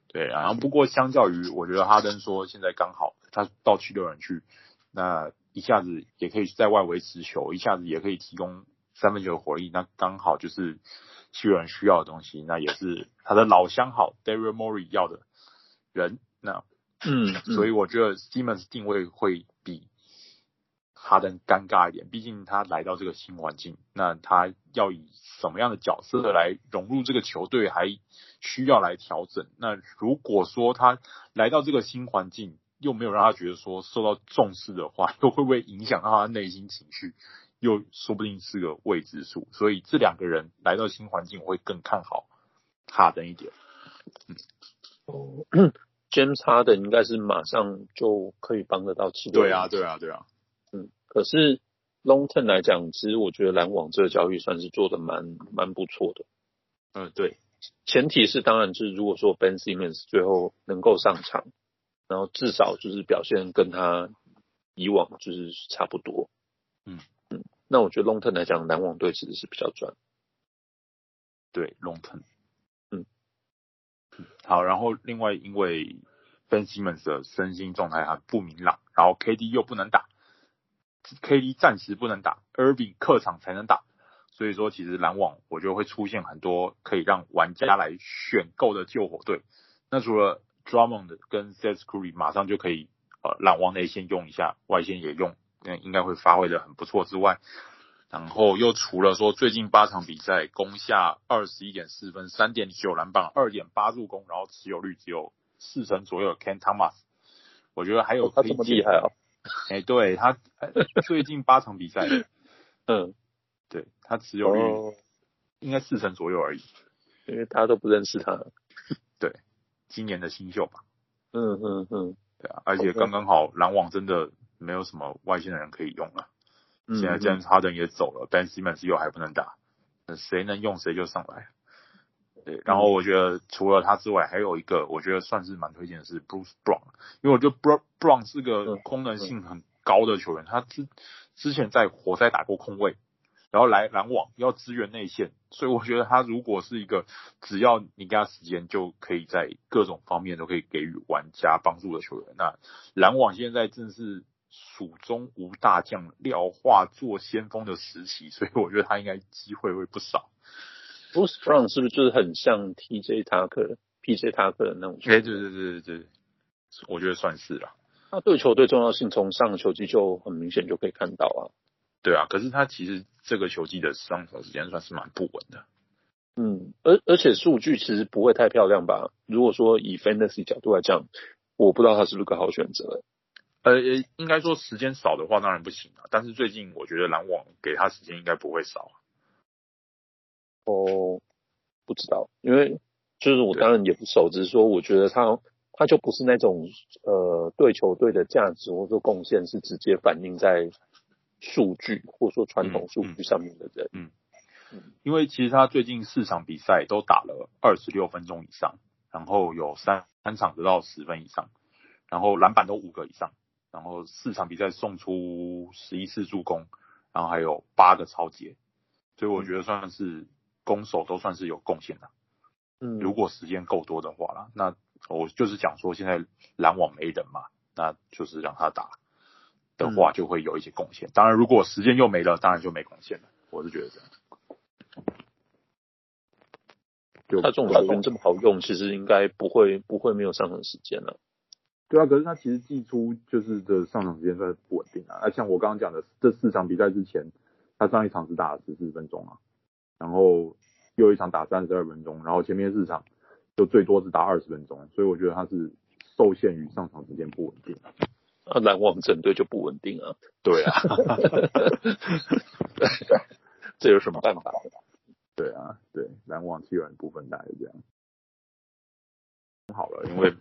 對，然後不過相較於我覺得哈登說現在剛好。他到七六人去，那一下子也可以在外圍持球，一下子也可以提供三分球的火力，那剛好就是七六人需要的東西，那也是他的老相好 Daryl Morey 要的人，那嗯，嗯所以我覺得 Simmons 定位會比哈登尷尬一點，畢竟他來到這個新環境，那他要以什麼樣的角色來融入這個球隊，嗯、還需要來調整。那如果說他來到這個新環境，又沒有讓他覺得說受到重視的話，又會不會影響到他內心情緒，又說不定是個未知數。所以這兩個人來到新環境，我會更看好哈登一點。哦、嗯、 [coughs] ，James Harden 應該是馬上就可以幫得到球隊。對啊，對啊，對啊。嗯，可是 Long Term 來講，其實我覺得籃網這個交易算是做的蠻蠻不錯的。嗯，對。前提是當然，是如果說 Ben Simmons 最後能夠上場。然後至少就是表現跟他以往就是差不多，嗯嗯，那我覺得 long term 來講，籃網隊其實是比較賺，對 long term，嗯好，然後另外因為 Ben Simmons 的身心狀態還不明朗，然後 KD 又不能打，KD 暫時不能打，Irving 客場才能打，所以說其實籃網我就會出現很多可以讓玩家來選購的救火隊，那除了。Drummond 跟 Seth Curry 馬上就可以呃讓往內線用一下，外線也用，那應該會發揮的很不錯，之外。然後又除了說最近八場比賽攻下二十一點四分、三點九籃板、二點八助攻，然後持有率只有四成左右的 Cam Thomas 我覺得還有、哦、他怎麼厲害啊、哦？哎、欸，對他最近八場比賽，嗯、 [laughs] 呃，對他持有率應該四成左右而已，因為大家都不認識他，對。今年的新秀吧，嗯嗯嗯，對、嗯、啊，嗯，而且剛剛好籃網真的沒有什麼外線的人可以用了、啊，嗯嗯、現在 James Harden 也走了，Ben Simmons 又還不能打，那誰能用誰就上來。對，然後我覺得除了他之外，嗯、還有一個我覺得算是蠻推薦的是 Bruce Brown，因為我覺得 Bruce Brown 是個功能性很高的球員，嗯嗯、他之之前在活塞打過控衛，然後來籃網要支援內線，所以我覺得他如果是一個只要你給他時間就可以在各種方面都可以給予玩家幫助的球員。那籃網現在正是蜀中無大將廖化做先鋒的時期，所以我覺得他應該機會會不少。Bruce Brown 是不是就是很像 TJ 塔克、PJ 塔克的那種球員？員，對、欸、對對對對，我覺得算是了、啊。那對球隊重要性從上個球季就很明顯就可以看到啊。對啊，可是他其實這個球季的上場時間算是蠻不穩的。嗯，而而且數據其實不會太漂亮吧？如果說以 fantasy 角度來講，我不知道他是不是個好選擇了。呃，應該說時間少的話當然不行啊，但是最近我覺得籃網給他時間應該不會少啊。哦，不知道，因為就是我當然也不熟，只是說我覺得他對他就不是那種呃對球隊的價值或者說貢獻是直接反映在。數據或者說傳統數據上面的人，嗯，嗯嗯嗯，因為其實他最近四場比賽都打了二十六分鐘以上，然後有三三場得到十分以上，然後籃板都五個以上，然後四場比賽送出十一次助攻，然後還有八個抄截。所以我覺得算是攻守都算是有貢獻的。嗯，如果時間夠多的話啦，那我就是講說現在籃網沒人嘛，那就是讓他打。的話就會有一些貢獻，當然如果時間又沒了，當然就沒貢獻了。我是覺得這樣。他中衛軍這麼好用，其實應該不會不會沒有上場時間了。對啊，可是他其實季初就是的上場時間算是不穩定啊。像我剛剛講的這四場比賽之前，他上一場只打了十四分鐘啊，然後又一場打三十二分鐘，然後前面的四場就最多是打二十分鐘，所以我覺得他是受限於上場時間不穩定。那籃網、啊、整隊就不穩定了，對啊，對， [laughs] [laughs] 這有什麼辦法、啊？對啊，對，籃網替換部分大概這樣。嗯、好了，因為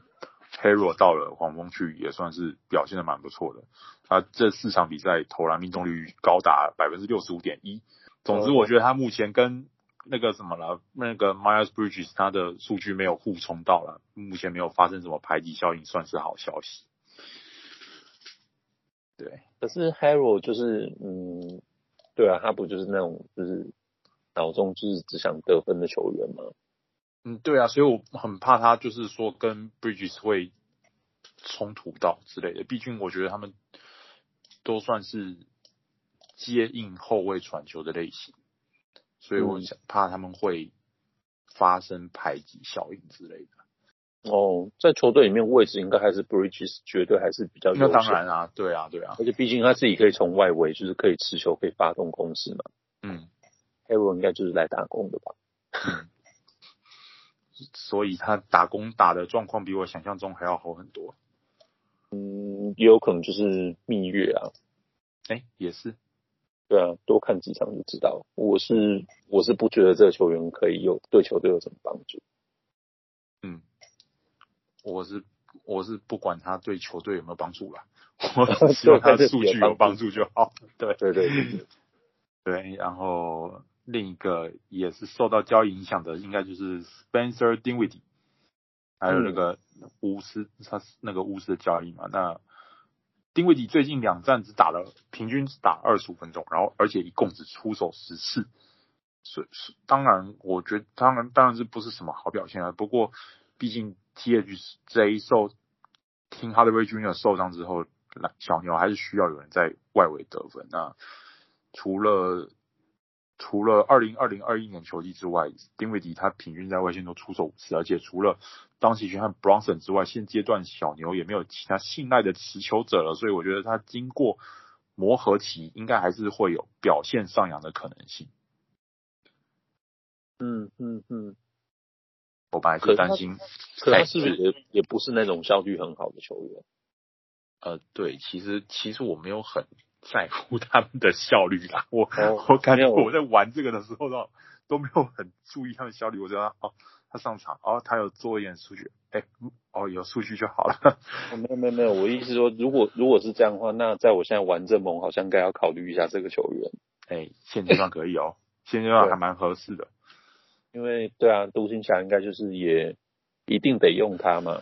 Hero 到了黃蜂去也算是表現的蠻不錯的，他這四場比賽投籃命中率高達百分之六十五點一。總之，我覺得他目前跟那個什麼了，那個 Miles Bridges，他的數據沒有互衝到了，目前沒有發生什麼排擠效應，算是好消息。對，可是 Herro 就是，嗯，對啊，他不就是那種就是腦中就是只想得分的球員嗎？嗯，對啊，所以我很怕他就是說跟 Bridges 會衝突到之類的。畢竟我覺得他們都算是接應後衛傳球的類型，所以我很想怕他們會發生排擠效應之類的。哦，在球隊裡面位置應該還是 Bridges，絕對還是比較那當然啊。對啊，對啊，而且畢竟他自己可以從外圍，就是可以持球，可以發動攻勢嘛。嗯，Hayward 應該就是來打工的吧？嗯、所以他打工打的狀況比我想象中還要好很多。嗯，也有可能就是蜜月啊。哎、欸，也是。對啊，多看幾場就知道。我是我是不覺得這個球員可以有對球隊有什麼幫助。嗯。我是我是不管他對球隊有沒有幫助啦，我只要他的數據有幫助就好。 [laughs] 對對對對，對，對，對。然後另一個也是受到交易影響的，應該就是 Spencer Dinwiddie，還有那個巫師、嗯、他那個巫師的交易嘛。那 Dinwiddie 最近兩戰只打了平均只打二十五分鐘，然後而且一共只出手十次，是是當，當然，我覺得當然當然這不是什麼好表現啊。不過。畢竟，THJ 受聽 Hardaway Jr 受傷之後，小牛還是需要有人在外圍得分。那除了除了二零二零二一年球季之外， [noise] 丁維迪他平均在外線都出手五次，而且除了當時去和 Bronson 之外，現階段小牛也沒有其他信賴的持球者了。所以我覺得他經過磨合期，應該還是會有表現上揚的可能性。嗯嗯嗯。嗯嗯我本來就擔心，可是心嘿是也也不是那種效率很好的球員？呃，對，其實其實我沒有很在乎他們的效率啦。我，哦，我感覺我在玩這個的時候呢，都沒有很注意他們效率。我覺得哦，他上場，哦，他有做一點數據，哎，欸，哦，有數據就好了。哦，沒有沒有沒有，我意思說，如果如果是這樣的話，那在我現在玩這蒙，好像該要考慮一下這個球員。哎，欸，現階段可以哦，喔，現階段還蠻合適的。因為對啊，獨行俠應該就是也一定得用他嘛，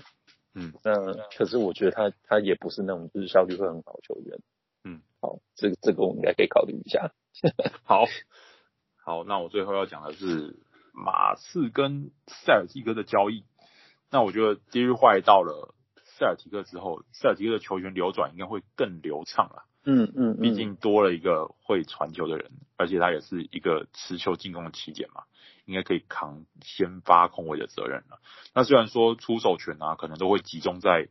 嗯，那可是我覺得他他也不是那種就是效率會很好球員，嗯，好，這個、這個我們應該可以考慮一下， [laughs] 好，好，那我最後要講的是馬刺跟塞爾提克的交易，那我覺得迪瑞克懷特到了塞爾提克之後，塞爾提克的球權流轉應該會更流暢了、嗯，嗯嗯，畢竟多了一個會傳球的人，而且他也是一個持球進攻的起點嘛。應該可以扛先發控衛的責任了。那雖然說出手權啊，可能都會集中在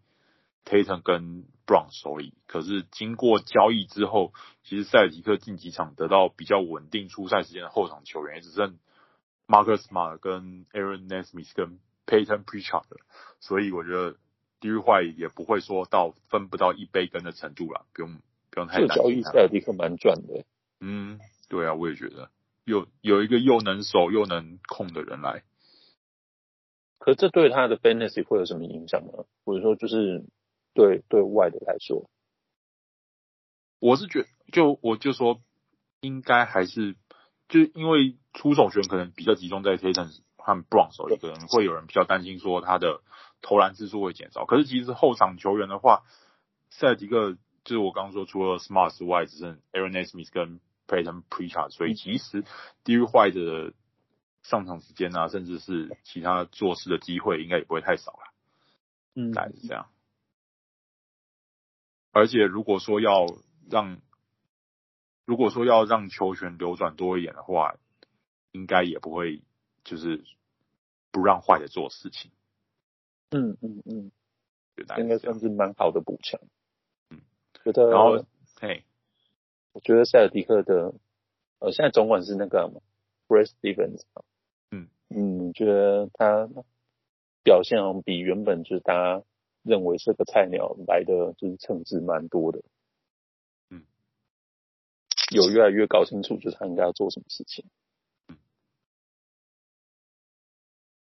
Tatum 跟 Brown 手裡，可是經過交易之後，其實塞爾提克近幾場得到比較穩定出賽時間的後場球員，也只剩 Marcus Smart 跟 Aaron Nesmith 跟 Payton Pritchard 的，所以我覺得 Derrick White 也不會說到分不到一杯羹的程度了，不用不用太擔心。交易塞爾提克蠻賺的、欸。嗯，對啊，我也覺得。有有一個又能守又能控的人來，可這對他的 fantasy 會有什麼影響呢？或者說，就是對對外的來說，我是覺得，就我就說，應該還是就因為出手權可能比較集中在 Tatum 和 Brown 手裡，可能會有人比較擔心說他的投籃次數會減少。可是其實後場球員的話，塞爾提克就是我剛剛說除了 Smart 之外，只剩 Aaron Nesmith 跟配合他們 precharge，所以其實低於壞的上場時間啊，甚至是其他做事的機會，應該也不會太少了啊。嗯，大概是這樣。而且如果說要讓，如果說要讓球權流轉多一點的話，應該也不會就是不讓壞的做事情。嗯嗯嗯，應該算是蠻好的補強。嗯，嗯這樣覺得，然後嘿。我覺得塞爾迪克的呃，現在總管是那個 Brad、啊、Stevens，嗯嗯，覺得他表現比原本就是大家認為是個菜鳥來的就是稱職蠻多的，嗯，有越來越搞清楚，就是他應該要做什麼事情，嗯，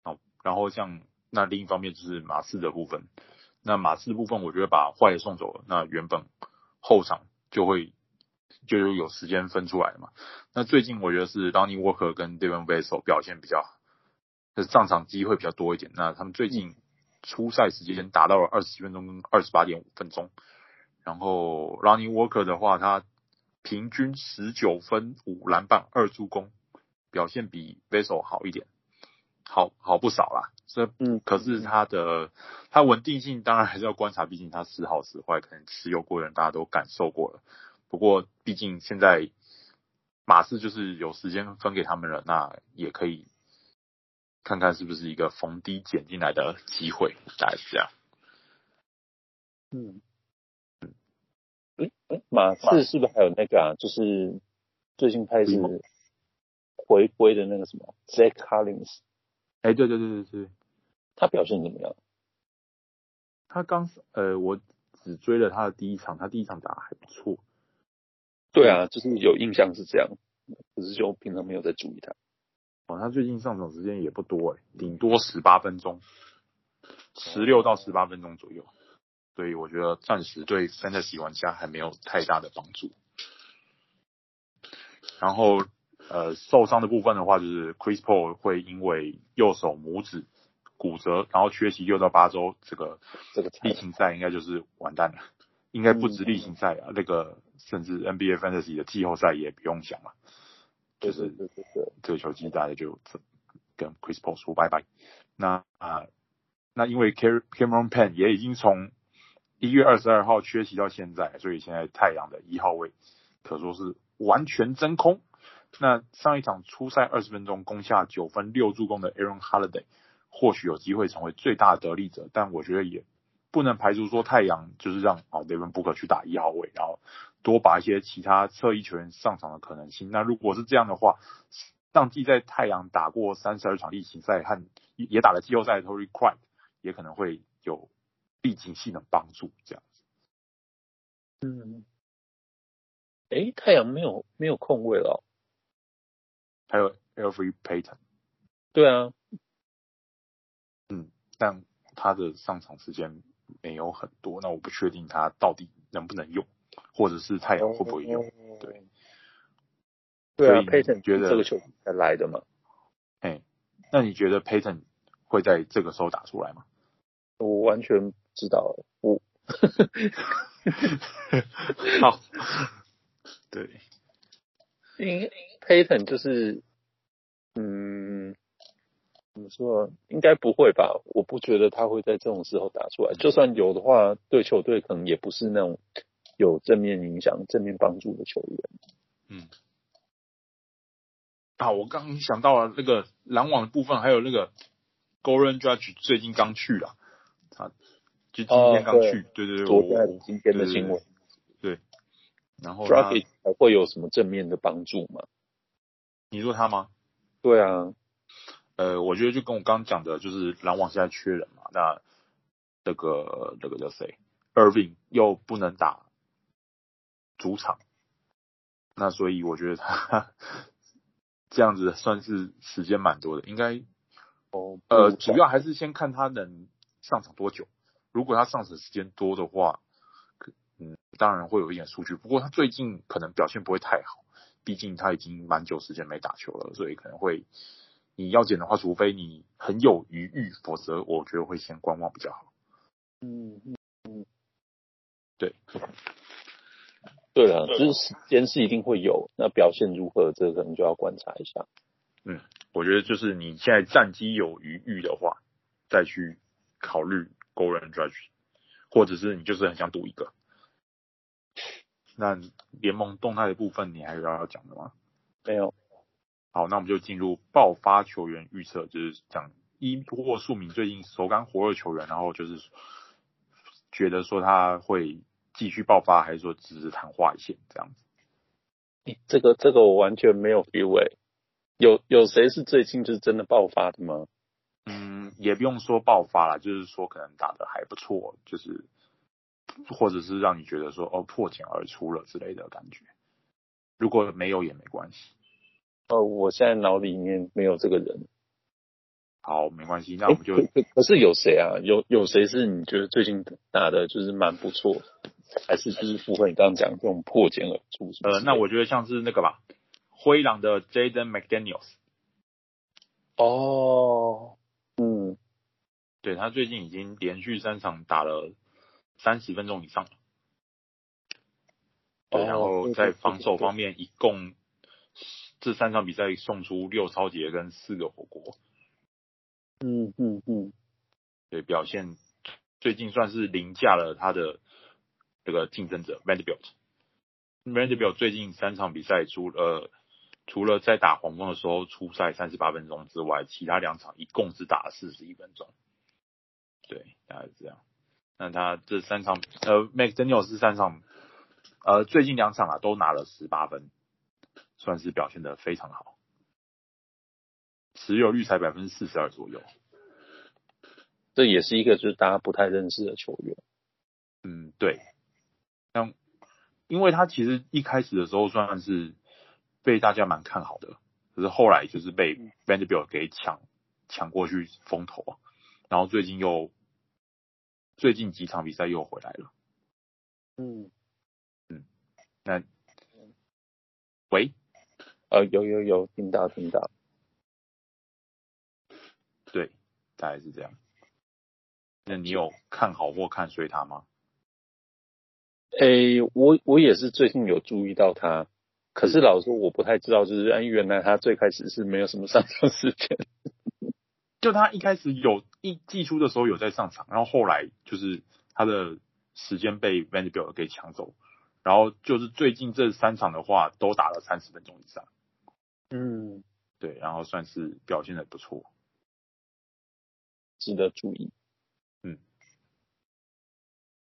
好，然後像那另一方面就是馬刺的部分，那馬刺部分我覺得把壞的送走了，那原本後場就會就有時間分出來嘛。那最近我覺得是 Lonnie Walker 跟 Devin Vassell 表現比較好，就是上場機會比較多一點。那他們最近出賽時間先達到了二十分鐘跟二十八點五分鐘。然後 Lonnie Walker 的話，他平均十九分五籃板二助攻，表現比 Vassell 好一點，好好不少啦。這不、嗯、可是他的，他穩定性當然還是要觀察，畢竟他時好時壞，可能持有過的人大家都感受過了。不過，畢竟現在馬刺就是有時間分給他們了，那也可以看看是不是一個逢低撿進來的機會，大概是這樣。嗯嗯，馬刺是不是還有那個、啊、就是最近開始回歸的那個什麼 Zach Collins？哎、欸，對對對對對，他表現怎麼樣？他剛呃，我只追了他的第一場，他第一場打還不錯。對啊，就是有印象是這樣，可是就平常沒有在注意他。哦，他最近上場時間也不多哎、欸，頂多十八分鐘，十六到十八分鐘左右。所以、嗯、我覺得暫時對 Fantasy 玩家還沒有太大的幫助。然後呃，受傷的部分的話，就是 Chris Paul 會因為右手拇指骨折，然後缺席六到八周，這個這個例行賽應該就是完蛋了。嗯應該不止例行賽啊，嗯、那個甚至 NBA Fantasy 的季後賽也不用想了，對就是對這個球季大家就跟 Chris Paul 說拜拜。嗯、那啊、呃，那因為 Cameron Payne 也已經從一月二十二號缺席到現在，所以現在太陽的一號位可說是完全真空。那上一場出賽二十分鐘攻下九分六助攻的 Aaron Holiday 或許有機會成為最大的得利者，但我覺得也。不能排除說太陽就是讓啊 Devin Booker 去打一號位，然後多把一些其他側翼球員上場的可能性。那如果是這樣的話，上季在太陽打過三十二場例行賽和也打了季後賽，Torrey Craig 也可能會有例行性的幫助這樣子。嗯，誒，太陽沒有沒有空位了，哦，還有 Elfrid Payton。對啊，嗯，但他的上場時間。沒有很多，那我不確定它到底能不能用，或者是太陽會不會用？嗯嗯嗯嗯、對，對、啊，所以 Payton ent 覺得這個球才來的嗎？哎、欸，那你覺得 Payton 會在這個時候打出來嗎？我完全不知道。我， [laughs] [laughs] 好， [laughs] 對，Payton 就是，嗯。怎麼說？應該不會吧？我不覺得他會在這種時候打出來。就算有的話，對球隊可能也不是那種有正面影響、正面幫助的球員。嗯。啊，我剛剛想到了那個籃網的部分，還有那個 Goran Dragic 最近剛去了，他、啊、就今天剛去，哦、對，對，對對，昨天、今天的新聞，對。然後他還會有什麼正面的幫助嗎？你說他嗎？對啊。呃，我覺得就跟我剛講的，就是籃網現在缺人嘛，那那、這個那、這個叫誰二 r v i n 又不能打主場，那所以我覺得他這樣子算是時間蠻多的，應該哦，呃，主要還是先看他能上場多久。如果他上場時間多的話，嗯，當然會有一點數據。不過他最近可能表現不會太好，畢竟他已經蠻久時間沒打球了，所以可能會。你要減的話，除非你很有餘裕，否則我覺得會先觀望比較好。嗯嗯嗯，嗯對，對了，就了是時間是一定會有，那表現如何，這個你就要觀察一下。嗯，我覺得就是你現在戰績有餘裕的話，再去考慮 Golden e 或者是你就是很想賭一個。那聯盟動態的部分，你還有要講的嗎？沒有。好，那我們就進入爆發球員預測，就是講一或數名最近手感火熱球員，然後就是覺得說他會繼續爆發，還是說只是曇花一現這樣子？你這個這個我完全沒有 feel 誒，有有誰是最近就是真的爆發的嗎？嗯，也不用說爆發了，就是說可能打得還不錯，就是或者是讓你覺得說哦，破繭而出了之類的感覺，如果沒有也沒關係。呃，我現在腦裡面沒有這個人。好，沒關係，那我們就、欸、可是有誰啊？有有誰是你覺得最近打的就是蠻不錯還是就是符合你剛剛講這種破繭而出？呃，那我覺得像是那個吧，灰狼的 Jaden McDaniels 哦，嗯，對，他最近已經連續三場打了三十分鐘以上了、哦。然後在防守方面一共對對對對。這三場比賽送出六抄截跟四個火鍋，嗯，嗯嗯嗯，對，表現最近算是凌駕了他的這個競爭者 Vanderbilt。Vanderbilt 最近三場比賽除了、呃、除了在打黃蜂的時候出賽三十八分鐘之外，其他兩場一共是打了四十一分鐘，對，大概是這樣。那他這三場呃 McDaniels 是三場，呃，最近兩場啊都拿了十八分。算是表現得非常好，持有率才百分之四十二左右，這也是一個就是大家不太認識的球員。嗯，對。那因為他其實一開始的時候算是被大家蠻看好的，可是後來就是被 Vanderbilt 給搶、嗯、搶過去風頭啊，然後最近又最近幾場比賽又回來了。嗯嗯，那，餵？呃，有有有，聽到聽到，對，大概是這樣。那你有看好或看衰他嗎？誒、欸，我我也是最近有注意到他，可是老實說，我不太知道，就是哎，原來他最開始是沒有什麼上場時間，就他一開始有一季初的時候有在上場，然後後來就是他的時間被 Vanderbilt 給搶走，然後就是最近這三場的話，都打了三十分鐘以上。嗯，對，然後算是表現的不錯，值得注意。嗯，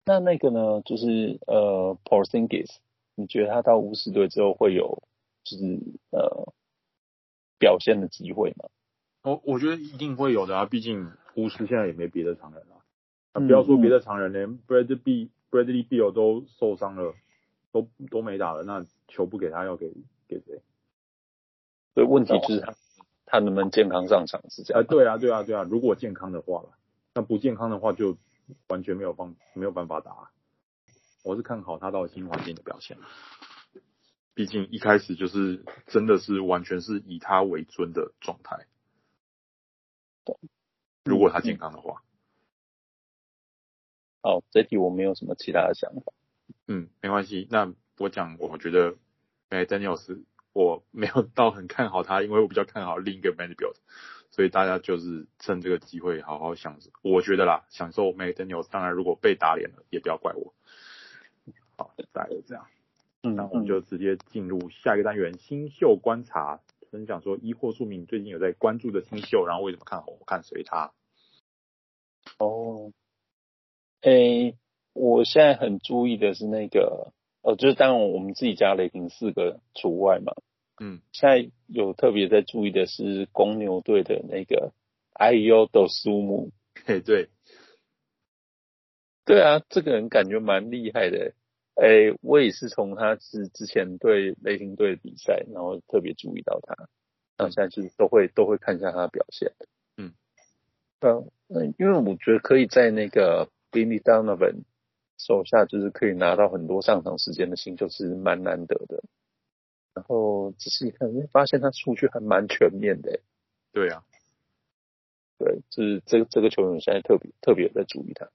那那個呢，就是呃 Porzingis 你覺得他到巫師隊之後會有就是呃表現的機會嗎？我我覺得一定會有的啊，畢竟巫師現在也沒別的常人了、啊，不、啊、要說別的常人，連、嗯、Bradley Be Bradley Beal 都受傷了，都都沒打了，那球不給他，他要給給誰？所以問題就是他他能不能健康上場？是這樣啊、哦呃？對啊，對啊，對啊。如果健康的話，那不健康的話就完全沒有方沒有辦法打、啊。我是看好他到新環境的表現，畢竟一開始就是真的是完全是以他為尊的狀態。對如果他健康的話、嗯嗯，哦，這題我沒有什麼其他的想法。嗯，沒關係。那我講，我覺得哎，Daniels。我沒有到很看好他，因為我比較看好另一個 Magnus，n 所以大家就是趁這個機會好好享受。我覺得啦，享受 Magnus。當然，如果被打臉了，也不要怪我。好，大概就這樣，那我們就直接進入下一個單元——新秀、嗯嗯、觀察，分享說一或數名最近有在關注的新秀，然後為什麼看好，我看誰他？哦，哎，我現在很注意的是那個。哦，就是當然我們自己家雷霆四個除外嘛，嗯，現在有特別在注意的是公牛隊的那個 Ayo Dosunmu，對，對啊，這個人感覺蠻厲害的，哎，我也是從他是之前對雷霆隊的比賽，然後特別注意到他，然後現在就是都會都會看一下他的表現，嗯，嗯嗯，因為我覺得可以在那個 Billy Donovan。手下就是可以拿到很多上場時間的新秀就是蠻難得的，然後仔細一看發現他數據還蠻全面的，對啊，對，就是這這個球員現在特別特別有在注意他，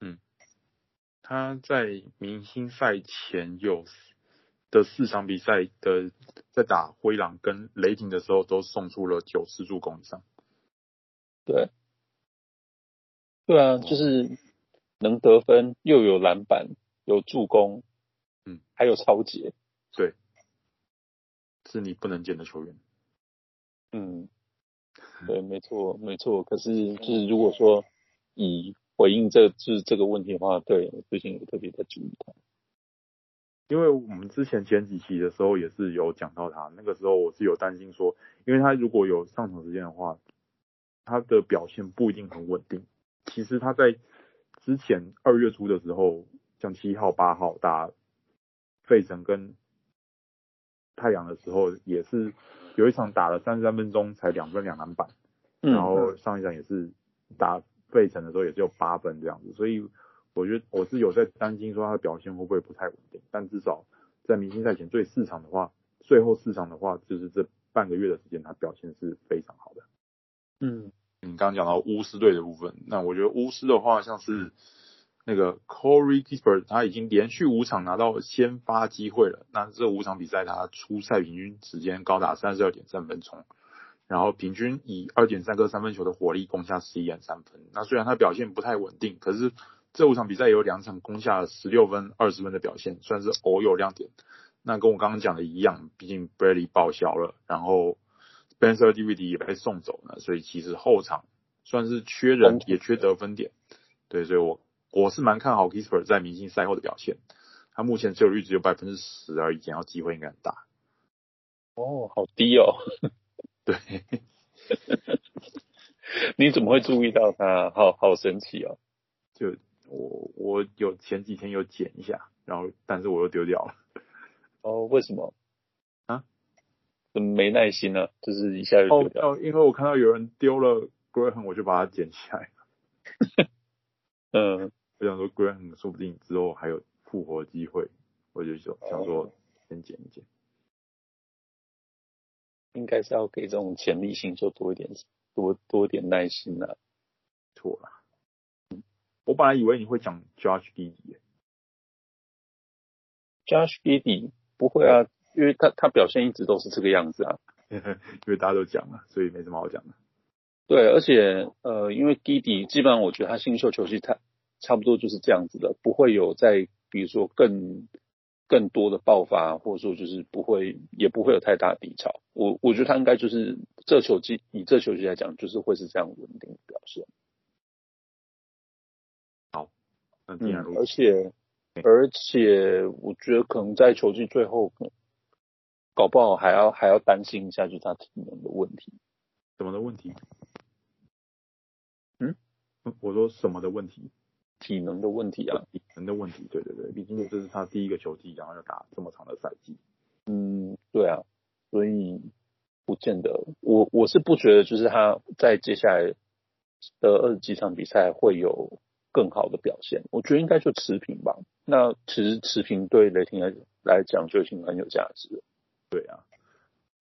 嗯，他在明星賽前有的四場比賽的在打灰狼跟雷霆的時候都送出了九次助攻以上，對，對啊，就是。嗯能得分又有籃板有助攻，嗯，還有抄截。對，是你不能見的球員，嗯，對，沒錯沒錯。可是就是如果說以回應這這這個問題的話，對，我最近也特別的注意他，因為我們之前前幾期的時候也是有講到他，那個時候我是有擔心說，因為他如果有上場時間的話，他的表現不一定很穩定。其實他在。之前二月初的時候，像七號、八號打費城跟太陽的時候，也是有一場打了三十三分鐘才兩分兩籃板，然後上一場也是打費城的時候也只有八分這樣子，所以我覺得我是有在擔心說他的表現會不會不太穩定，但至少在明星賽前最四場的話，最後四場的話就是這半個月的時間，他表現是非常好的。嗯。你剛剛講到巫師隊的部分，那我覺得巫師的話，像是那個 Corey Kispert 他已經連續五場拿到先發機會了。那這五場比賽，他出賽平均時間高達三十二點三分鐘，然後平均以二點三個三分球的火力攻下十一點三分。那雖然他表現不太穩定，可是這五場比賽有兩場攻下十六分、二十分的表現，算是偶有亮點。那跟我剛剛講的一樣，畢竟 Bradley 報銷了，然後。Spencer Dinwiddie 也被送走了，所以其實後場算是缺人平也缺得分點，對，所以我我是蠻看好 Kispert 在明星賽後的表現，他目前持有率只有百分之十而已，然後機會應該很大。哦，好低哦， [laughs] 對， [laughs] 你怎麼會注意到他、啊？好好神奇哦，就我我有前幾天有剪一下，然後但是我又丟掉了。 [laughs] 哦，為什麼？沒耐心了，就是一下就丟掉哦。哦，因為我看到有人丟了 Graham，我就把它撿起來了。 [laughs] 嗯，我想說 Graham，說不定之後還有復活機會，我就想說先撿一撿。應該是要給這種潛力新秀多一點、多多點耐心了、啊。錯了，我本來以為你會講、欸、Josh Giddey。Josh Giddey 不會啊。因為他他表現一直都是這個樣子啊，因為大家都講了，所以沒什麼好講的。對，而且呃，因為 Giddey 基本上我覺得他新秀球季他差不多就是這樣子的，不會有在比如說更更多的爆發，或者說就是不會也不會有太大的低潮。我我覺得他應該就是這球季以這球季來講，就是會是這樣穩定的表現。好，那第二個，而且而且我覺得可能在球季最後。搞不好還要還要擔心一下，就是他體能的問題，什麼的問題？嗯，我說什麼的問題？體能的問題啊，體能的問題。對對對，畢竟這是他第一個球季，然後又打這麼長的賽季。嗯，對啊，所以不見得，我我是不覺得，就是他在接下來的二十幾場比賽會有更好的表現。我覺得應該就持平吧。那其實持平對雷霆來來講就已經很有價值了。對啊，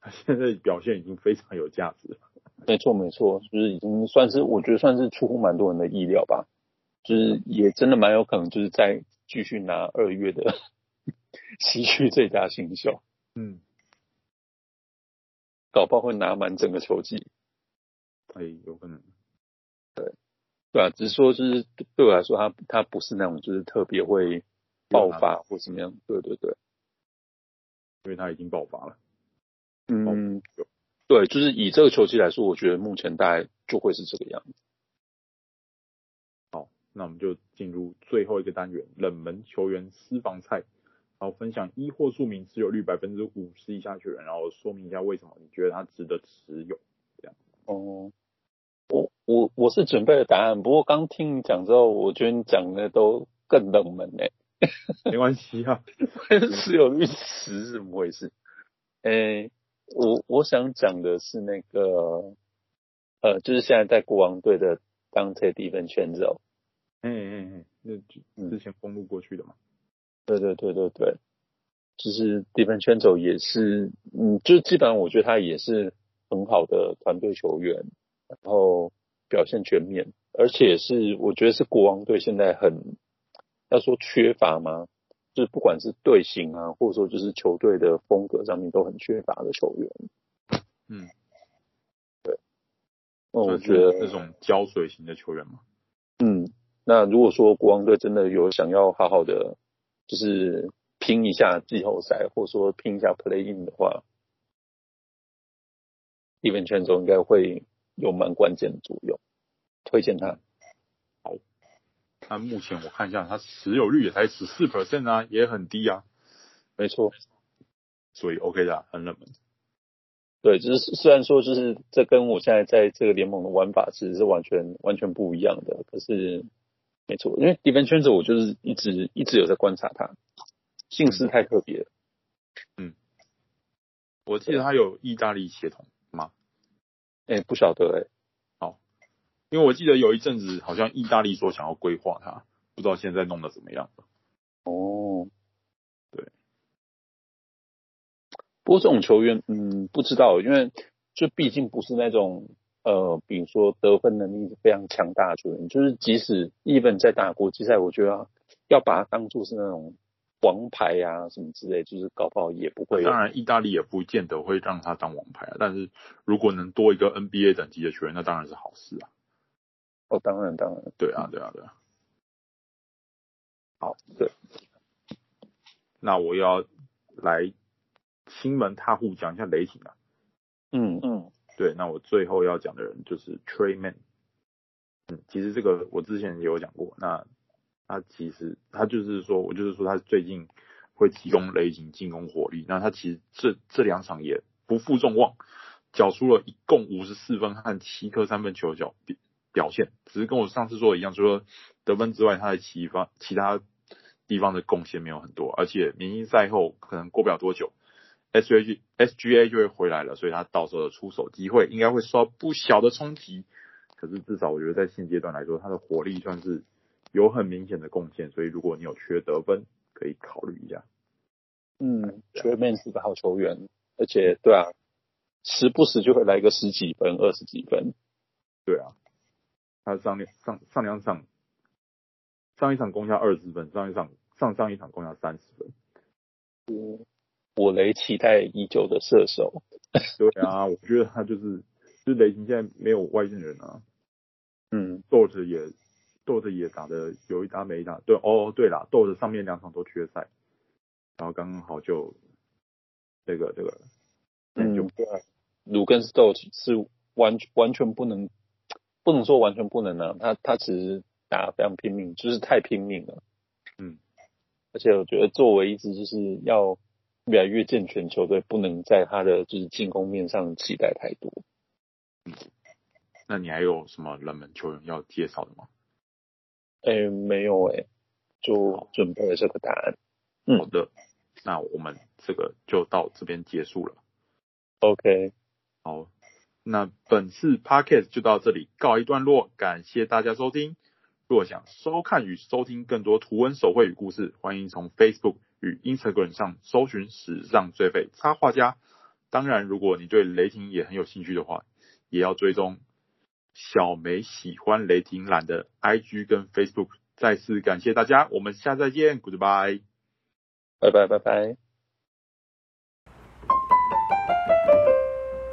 他現在表現已經非常有價值了沒。沒錯，沒錯，就是已經算是我覺得算是出乎蠻多人的意料吧。就是也真的蠻有可能，就是再繼續拿二月的西區最佳新秀。嗯，搞不好會拿滿整個球季。對、哎，有可能。對，對啊，只是說，就是對我來說，他他不是那種就是特別會爆發或怎麼樣。對對對。因為他已經爆發了，嗯，對，就是以這個球季來說，我覺得目前大概就會是這個樣子。好，那我們就進入最後一個單元，冷門球員私房菜，然後分享一或數名持有率百分之五十以下球員，然後說明一下為什麼你覺得他值得持有。這樣哦、嗯，我我我是準備了答案，不過剛聽你講之後，我覺得你講的都更冷門誒、欸。 [laughs] 沒關係啊， [laughs] 是有一時怎麼回事？誒、欸，我我想講的是那個，呃，就是現在在國王隊的 Donte DiVincenzo。嗯嗯嗯，那之前公布過去的嘛、嗯？對對對對對，其實 Donte DiVincenzo 也是，嗯，就基本上我覺得他也是很好的團隊球員，然後表現全面，而且是我覺得是國王隊現在很。他說缺乏嗎？就是不管是隊形啊，或者說就是球隊的風格上面都很缺乏的球員，嗯，對，那我覺得那種膠水型的球員嘛，嗯，那如果說國王隊真的有想要好好的就是拼一下季後賽，或者說拼一下 play in 的話，嗯，Even Chen 中應該會有蠻關鍵的作用，推薦他。但目前我看一下，它持有率也才十四 percent 啊，也很低啊，沒錯錯，所以 OK 的，啊，很冷門。對，就是雖然說，就是這跟我現在在這個聯盟的玩法其實是完全完全不一樣的。可是沒錯，因為 DiVincenzo，我就是一直一直有在觀察他，姓氏太特別。嗯，我記得他有意大利血統嗎？哎、欸，不曉得哎、欸。因為我記得有一陣子好像意大利說想要歸化他，不知道現在弄得怎麼樣哦，對。不過這種球員，嗯，不知道，因為就畢竟不是那種呃，比如說得分能力非常強大的球員，就是即使日本在打國際賽，我覺得要把他當做是那種王牌啊什麼之類，就是搞不好也不會。當然，意大利也不見得會讓他當王牌啊。但是如果能多一個 NBA 等級的球員，那當然是好事啊。哦，當然，當然，對啊，對啊，對啊。好，對，那我要來親門踏戶講一下雷霆啊。嗯嗯，嗯對，那我最後要講的人就是 Trey Mann，嗯，其實這個我之前也有講過，那他其實他就是說，我就是說他最近會提供雷霆進攻火力。嗯，那他其實這這兩場也不負眾望，繳出了一共五十四分和七顆三分球的腳。比表現只是跟我上次說的一樣，除了得分之外，他的其他其他地方的貢獻沒有很多，而且明星賽後可能過不了多久，SGA 就會回來了，所以他到時候的出手機會應該會受到不小的衝擊。可是至少我覺得在現階段來說，他的火力算是有很明顯的貢獻，所以如果你有缺得分，可以考慮一下。嗯，全面是個好球員，而且對啊，時不時就會來個十幾分、二十幾分，對啊。他上兩上上兩場，上一場攻下二十分，上一場上上一場攻下三十分。我我雷期待已久的射手。 [laughs] 對啊，我覺得他就是，就是雷霆現在沒有外線人啊。嗯，豆子也豆子也打得有一打沒一打，對哦對啦，豆子上面兩場都缺賽，然後剛剛好就這個這個，這個、嗯就對、啊，盧根斯豆子是完完全不能。不能說完全不能啊，他他其實打非常拼命，就是太拼命了。嗯，而且我覺得作為一支就是要越來越健全球隊，不能在他的就是進攻面上期待太多。嗯，那你還有什麼冷門球員要介紹的嗎？誒、欸，沒有誒、欸，就準備了這個答案。好，好的，嗯、那我們這個就到這邊結束了。OK，好。那本次 Podcast 就到這裡告一段落，感謝大家收聽。若想收看與收聽更多圖文手繪與故事，歡迎從 Facebook 與 Instagram 上搜尋史上最廢插畫家。當然，如果你對雷霆也很有興趣的話，也要追蹤小枚喜歡雷霆藍的 IG 跟 Facebook。再次感謝大家，我們下次再見，Goodbye，拜拜拜拜。拜拜。